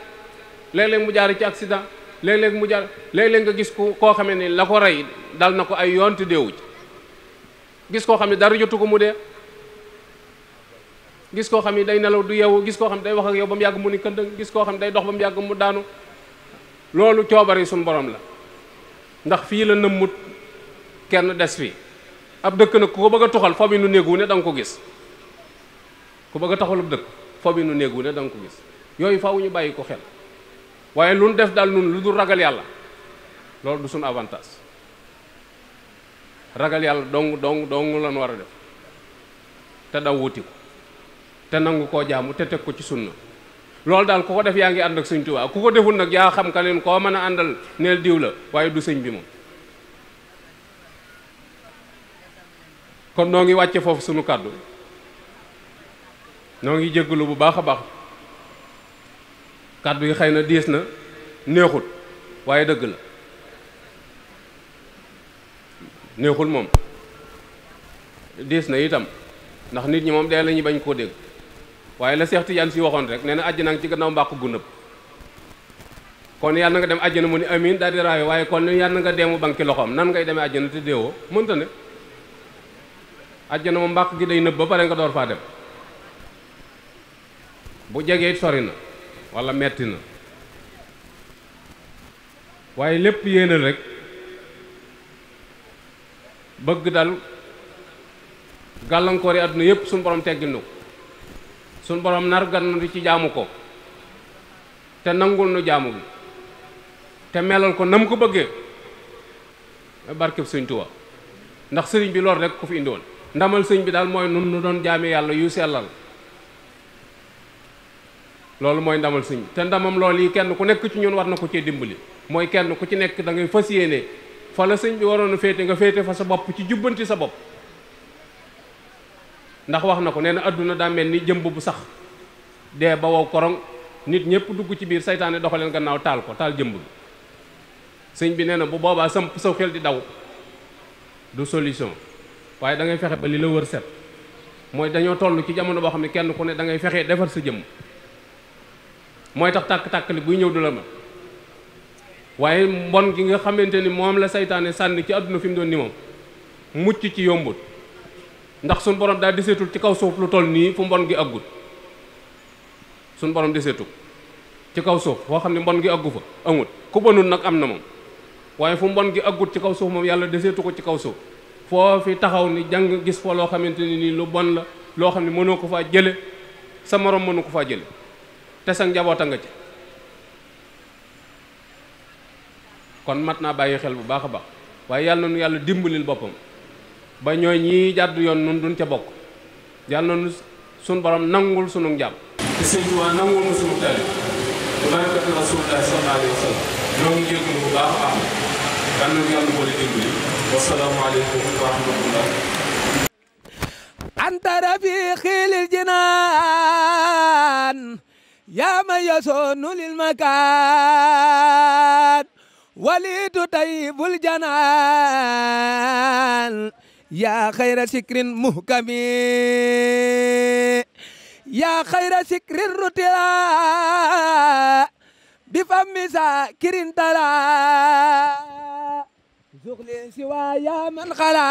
léeg-léeg mu jaari ci accident léeg-léeg mu jaar léeg-léeg nga gis ku koo xamee ni la ko rey na ko ay yoon te deewu ci koo xam ne dara jotu ko mu dee gis koo xam ne day nelaw du yeewu gis koo xam ne day wax ak yow ba mu yàgg mu ni këndëng gis koo xam ne day dox ba mu yàgg mu daanu loolu coobari suñ boroom la ndax fii la nëmmut kenn des fi ab dëkk nag ku ko bëgg a tuxal fobi nu néegu ne da ko gis ku bëgg a taxal ab dëkk fobi nu néegu ne da ko gis yooyu faaw ñu bàyyi ko xel waaye lu def daal nun lu dul ragal yàlla loolu du suñu avantage ragal yàlla dong dong dong lan war a def te daw wuti ko te nangu koo jaamu te teg ko ci sunna loolu daal ku ko def yaa ngi ànd ak sëñ Tuubaa ku ko deful nag yaa xam ka leen koo mën a àndal neel diw la waaye du sëñ bi moom kon noo ngi wàcce foofu sunu kàddu noo ngi jégalu bu baax a baax kàddu yi xëy na diis na neexul waaye dëgg la neexul moom diis na itam ndax nit ñi moom dee lañuy bañ koo dégg waaye la Seex Tijaan si waxoon rek nee na àjjana ngi ci gannaaw mbàq gu nëb kon yàlla na nga dem àjjana mu ni amin daal di raawe waaye kon yàlla na nga deemu banki loxoom nan ngay demee àjjana te déewoo mënta ne àjjana moom mbàq gi day nëb ba pare nga door faa dem bu jegee sori na walla metti na waaye lépp yéenal rek bëgg dal gàllankoor yi àdduna yépp suñu borom teggil nu ko suñu borom nar gan di ci jaamu ko te nangul nu jaamu bi te melal ko nam ko bëggee barkeb sëñ wa ndax sëriñ bi loolu rek ku fi indiwoon ndamal sëñ bi daal mooy nun nu doon jaami yàlla yu sellal loolu mooy ndamal sëñ bi te ndamam lool yi kenn ku nekk ci ñun war na ko cee dimbali mooy kenn ku ci nekk dangay ngay fas yéene fa sëñ bi waroon a féete nga féete fa sa bopp ci jubbanti sa bopp ndax wax na ko nee na àdduna daa mel ni jëmb bu sax dee ba wow korong nit ñëpp dugg ci biir seytaane doxaleen gannaaw taal ko taal jëmb bi sëñ bi nee na bu boobaa samp saw xel di daw du solution waaye da ngay fexe ba lii la wër set mooy dañoo toll ci jamono boo xam ne kenn ku ne da ngay fexe defar sa jëmm mooy tax tàkk-tàkk li buy ñëw du la ma waaye mbon gi nga xamante ni moom la seytaane sànni ci àdduna fi mu doon nii moom mucc ci yombut ndax suñu borom daa deseetul ci kaw suuf lu toll nii fu mbon gi àggul suñ borom deseetul ci kaw suuf foo xam ne mbon gi àggu fa amut ku bonul nag am na moom waaye fu mbon gi àggut ci kaw suuf moom yàlla deseetu ko ci kaw suuf foo fi taxaw ni jàng gis fa loo xamante ni nii lu bon la loo xam ne mënoo ko faa jële sa moroom mënu ko faa jële te sa njaboota nga ci kon mat naa bàyyi xel bu baax a baax waaye yàlla nanu yàlla dimbalil boppam ba ñooy ñii jàdd yoon nun duñ ca bokk yàlla nanu suñ borom nangul sunu njàmm te sëñ Tuubaa nangul nu sunu tali bu barakatu rasulullah sallallahu alayhi wa sallam ñoo ngi jéggalu bu baax a yàlla na yàlla boole dimbali wasalaamaaleykum wa rahmatullah anta rafiqi lil jinaan yaa man yasoonu lil makaan waliidu tayyibul janaan yaa xayra sikrin muhkami yaa xayra sikrin rutila bi fammi sa kirin tala سوايا من خلا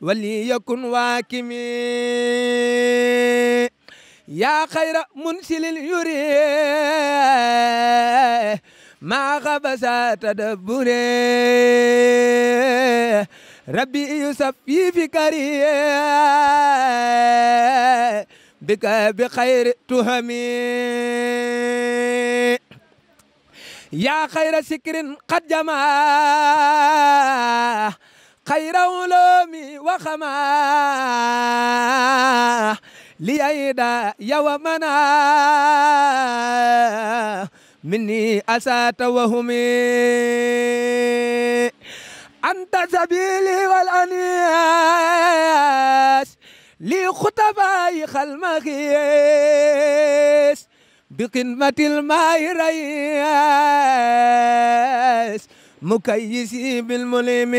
وليكن واكمي يا خير منسل يري ما غبس تدبري ربي يصفي فكري بك بخير تهمي yaa xayra sikrin qad jamaa xayra uloomi wa xamaa li ayda yawa manaa minni asaata wa humi anta sabili wal aniyaas li xutabaay xalmaxiis بقمة الماء رياس مكيسي بالملم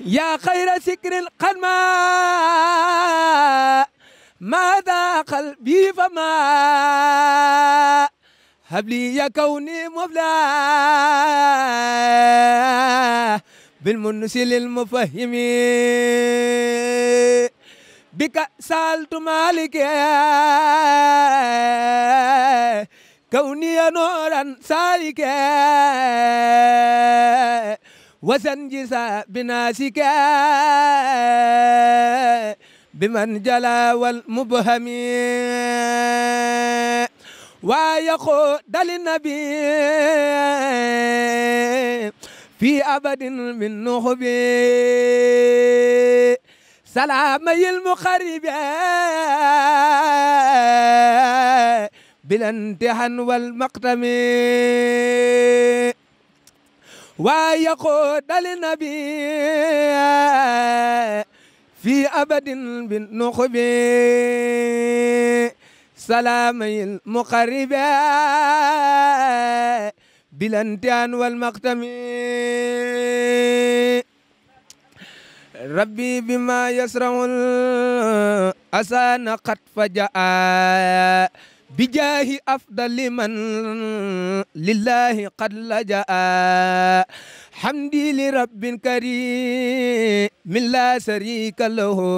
يا خير سكر القلماء ماذا قلبي فما هب لي يا كوني مبلاه بالمنسل المفهم bika saaltu maalike kawniya nooran saalike wasanjisa binaasike biman jala wal mubhami waayaqoo dali nabi fi abadin min nuxubi سلامي المقرب بالانتحن والمقتم ويقول للنبي في أبد بالنخب سلامي المقرب بالانتحن والمقتم rabbi bima yasraul asana qad fajaa bijaahi afdali man lillahi qad lajaa hamdi li rabbin karimin la sharika lahu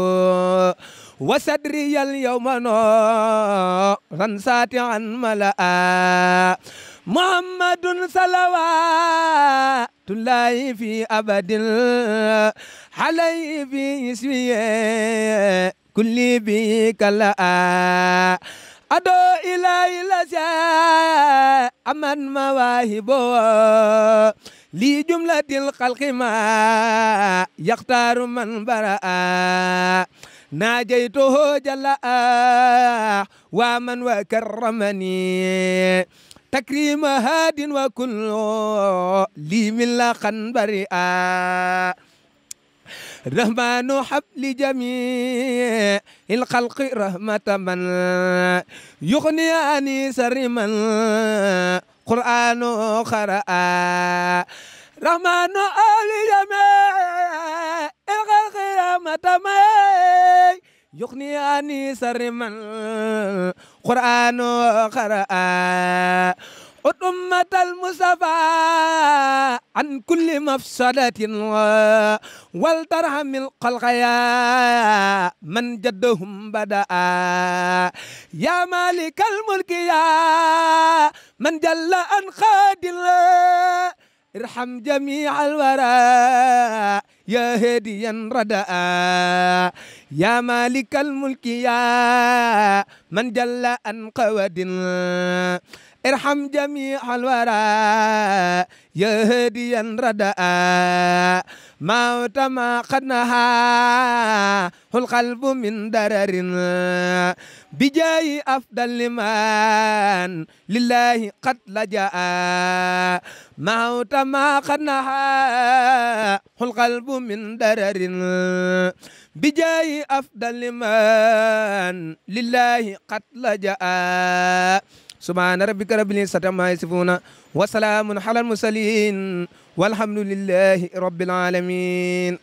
wa sadriyal yawma nooran saati'an malaa محمد صلوات الله في أبد عليه في اسمه كل بك لا أدو إلى إلى أمن مواهبه لي جملة الخلق ما يختار من برأ ناجيته جل ومن وكرمني تكريم هاد وكل لي من لقن بريئا رحمن حب لجميع الخلق رحمة من يغني أني سر من قرآن قرأ رحمن لجميع الخلق رحمة من يغني عني سر من قرآن قرآ أمة المصطفى عن كل مفسدة والترحم القلق يا من جدهم بدأ يا مالك الملك يا من جل أن خادل ارحم جميع الورى يا هاديا رداء يا مالك الملك يا من جل عن قواد ارحم جميع الورى يا هاديا رداء موت ما قد نهى القلب من درر بجاي أفضل لمن لله قد لجأ موت ما قد نهى القلب من درر بجاي أفضل لمن لله قد لجأ subhaana rabbika rabbil izzati ammaa yasifuun wa salaamun alal mursaliin walhamdulillahi rabbil aalamiin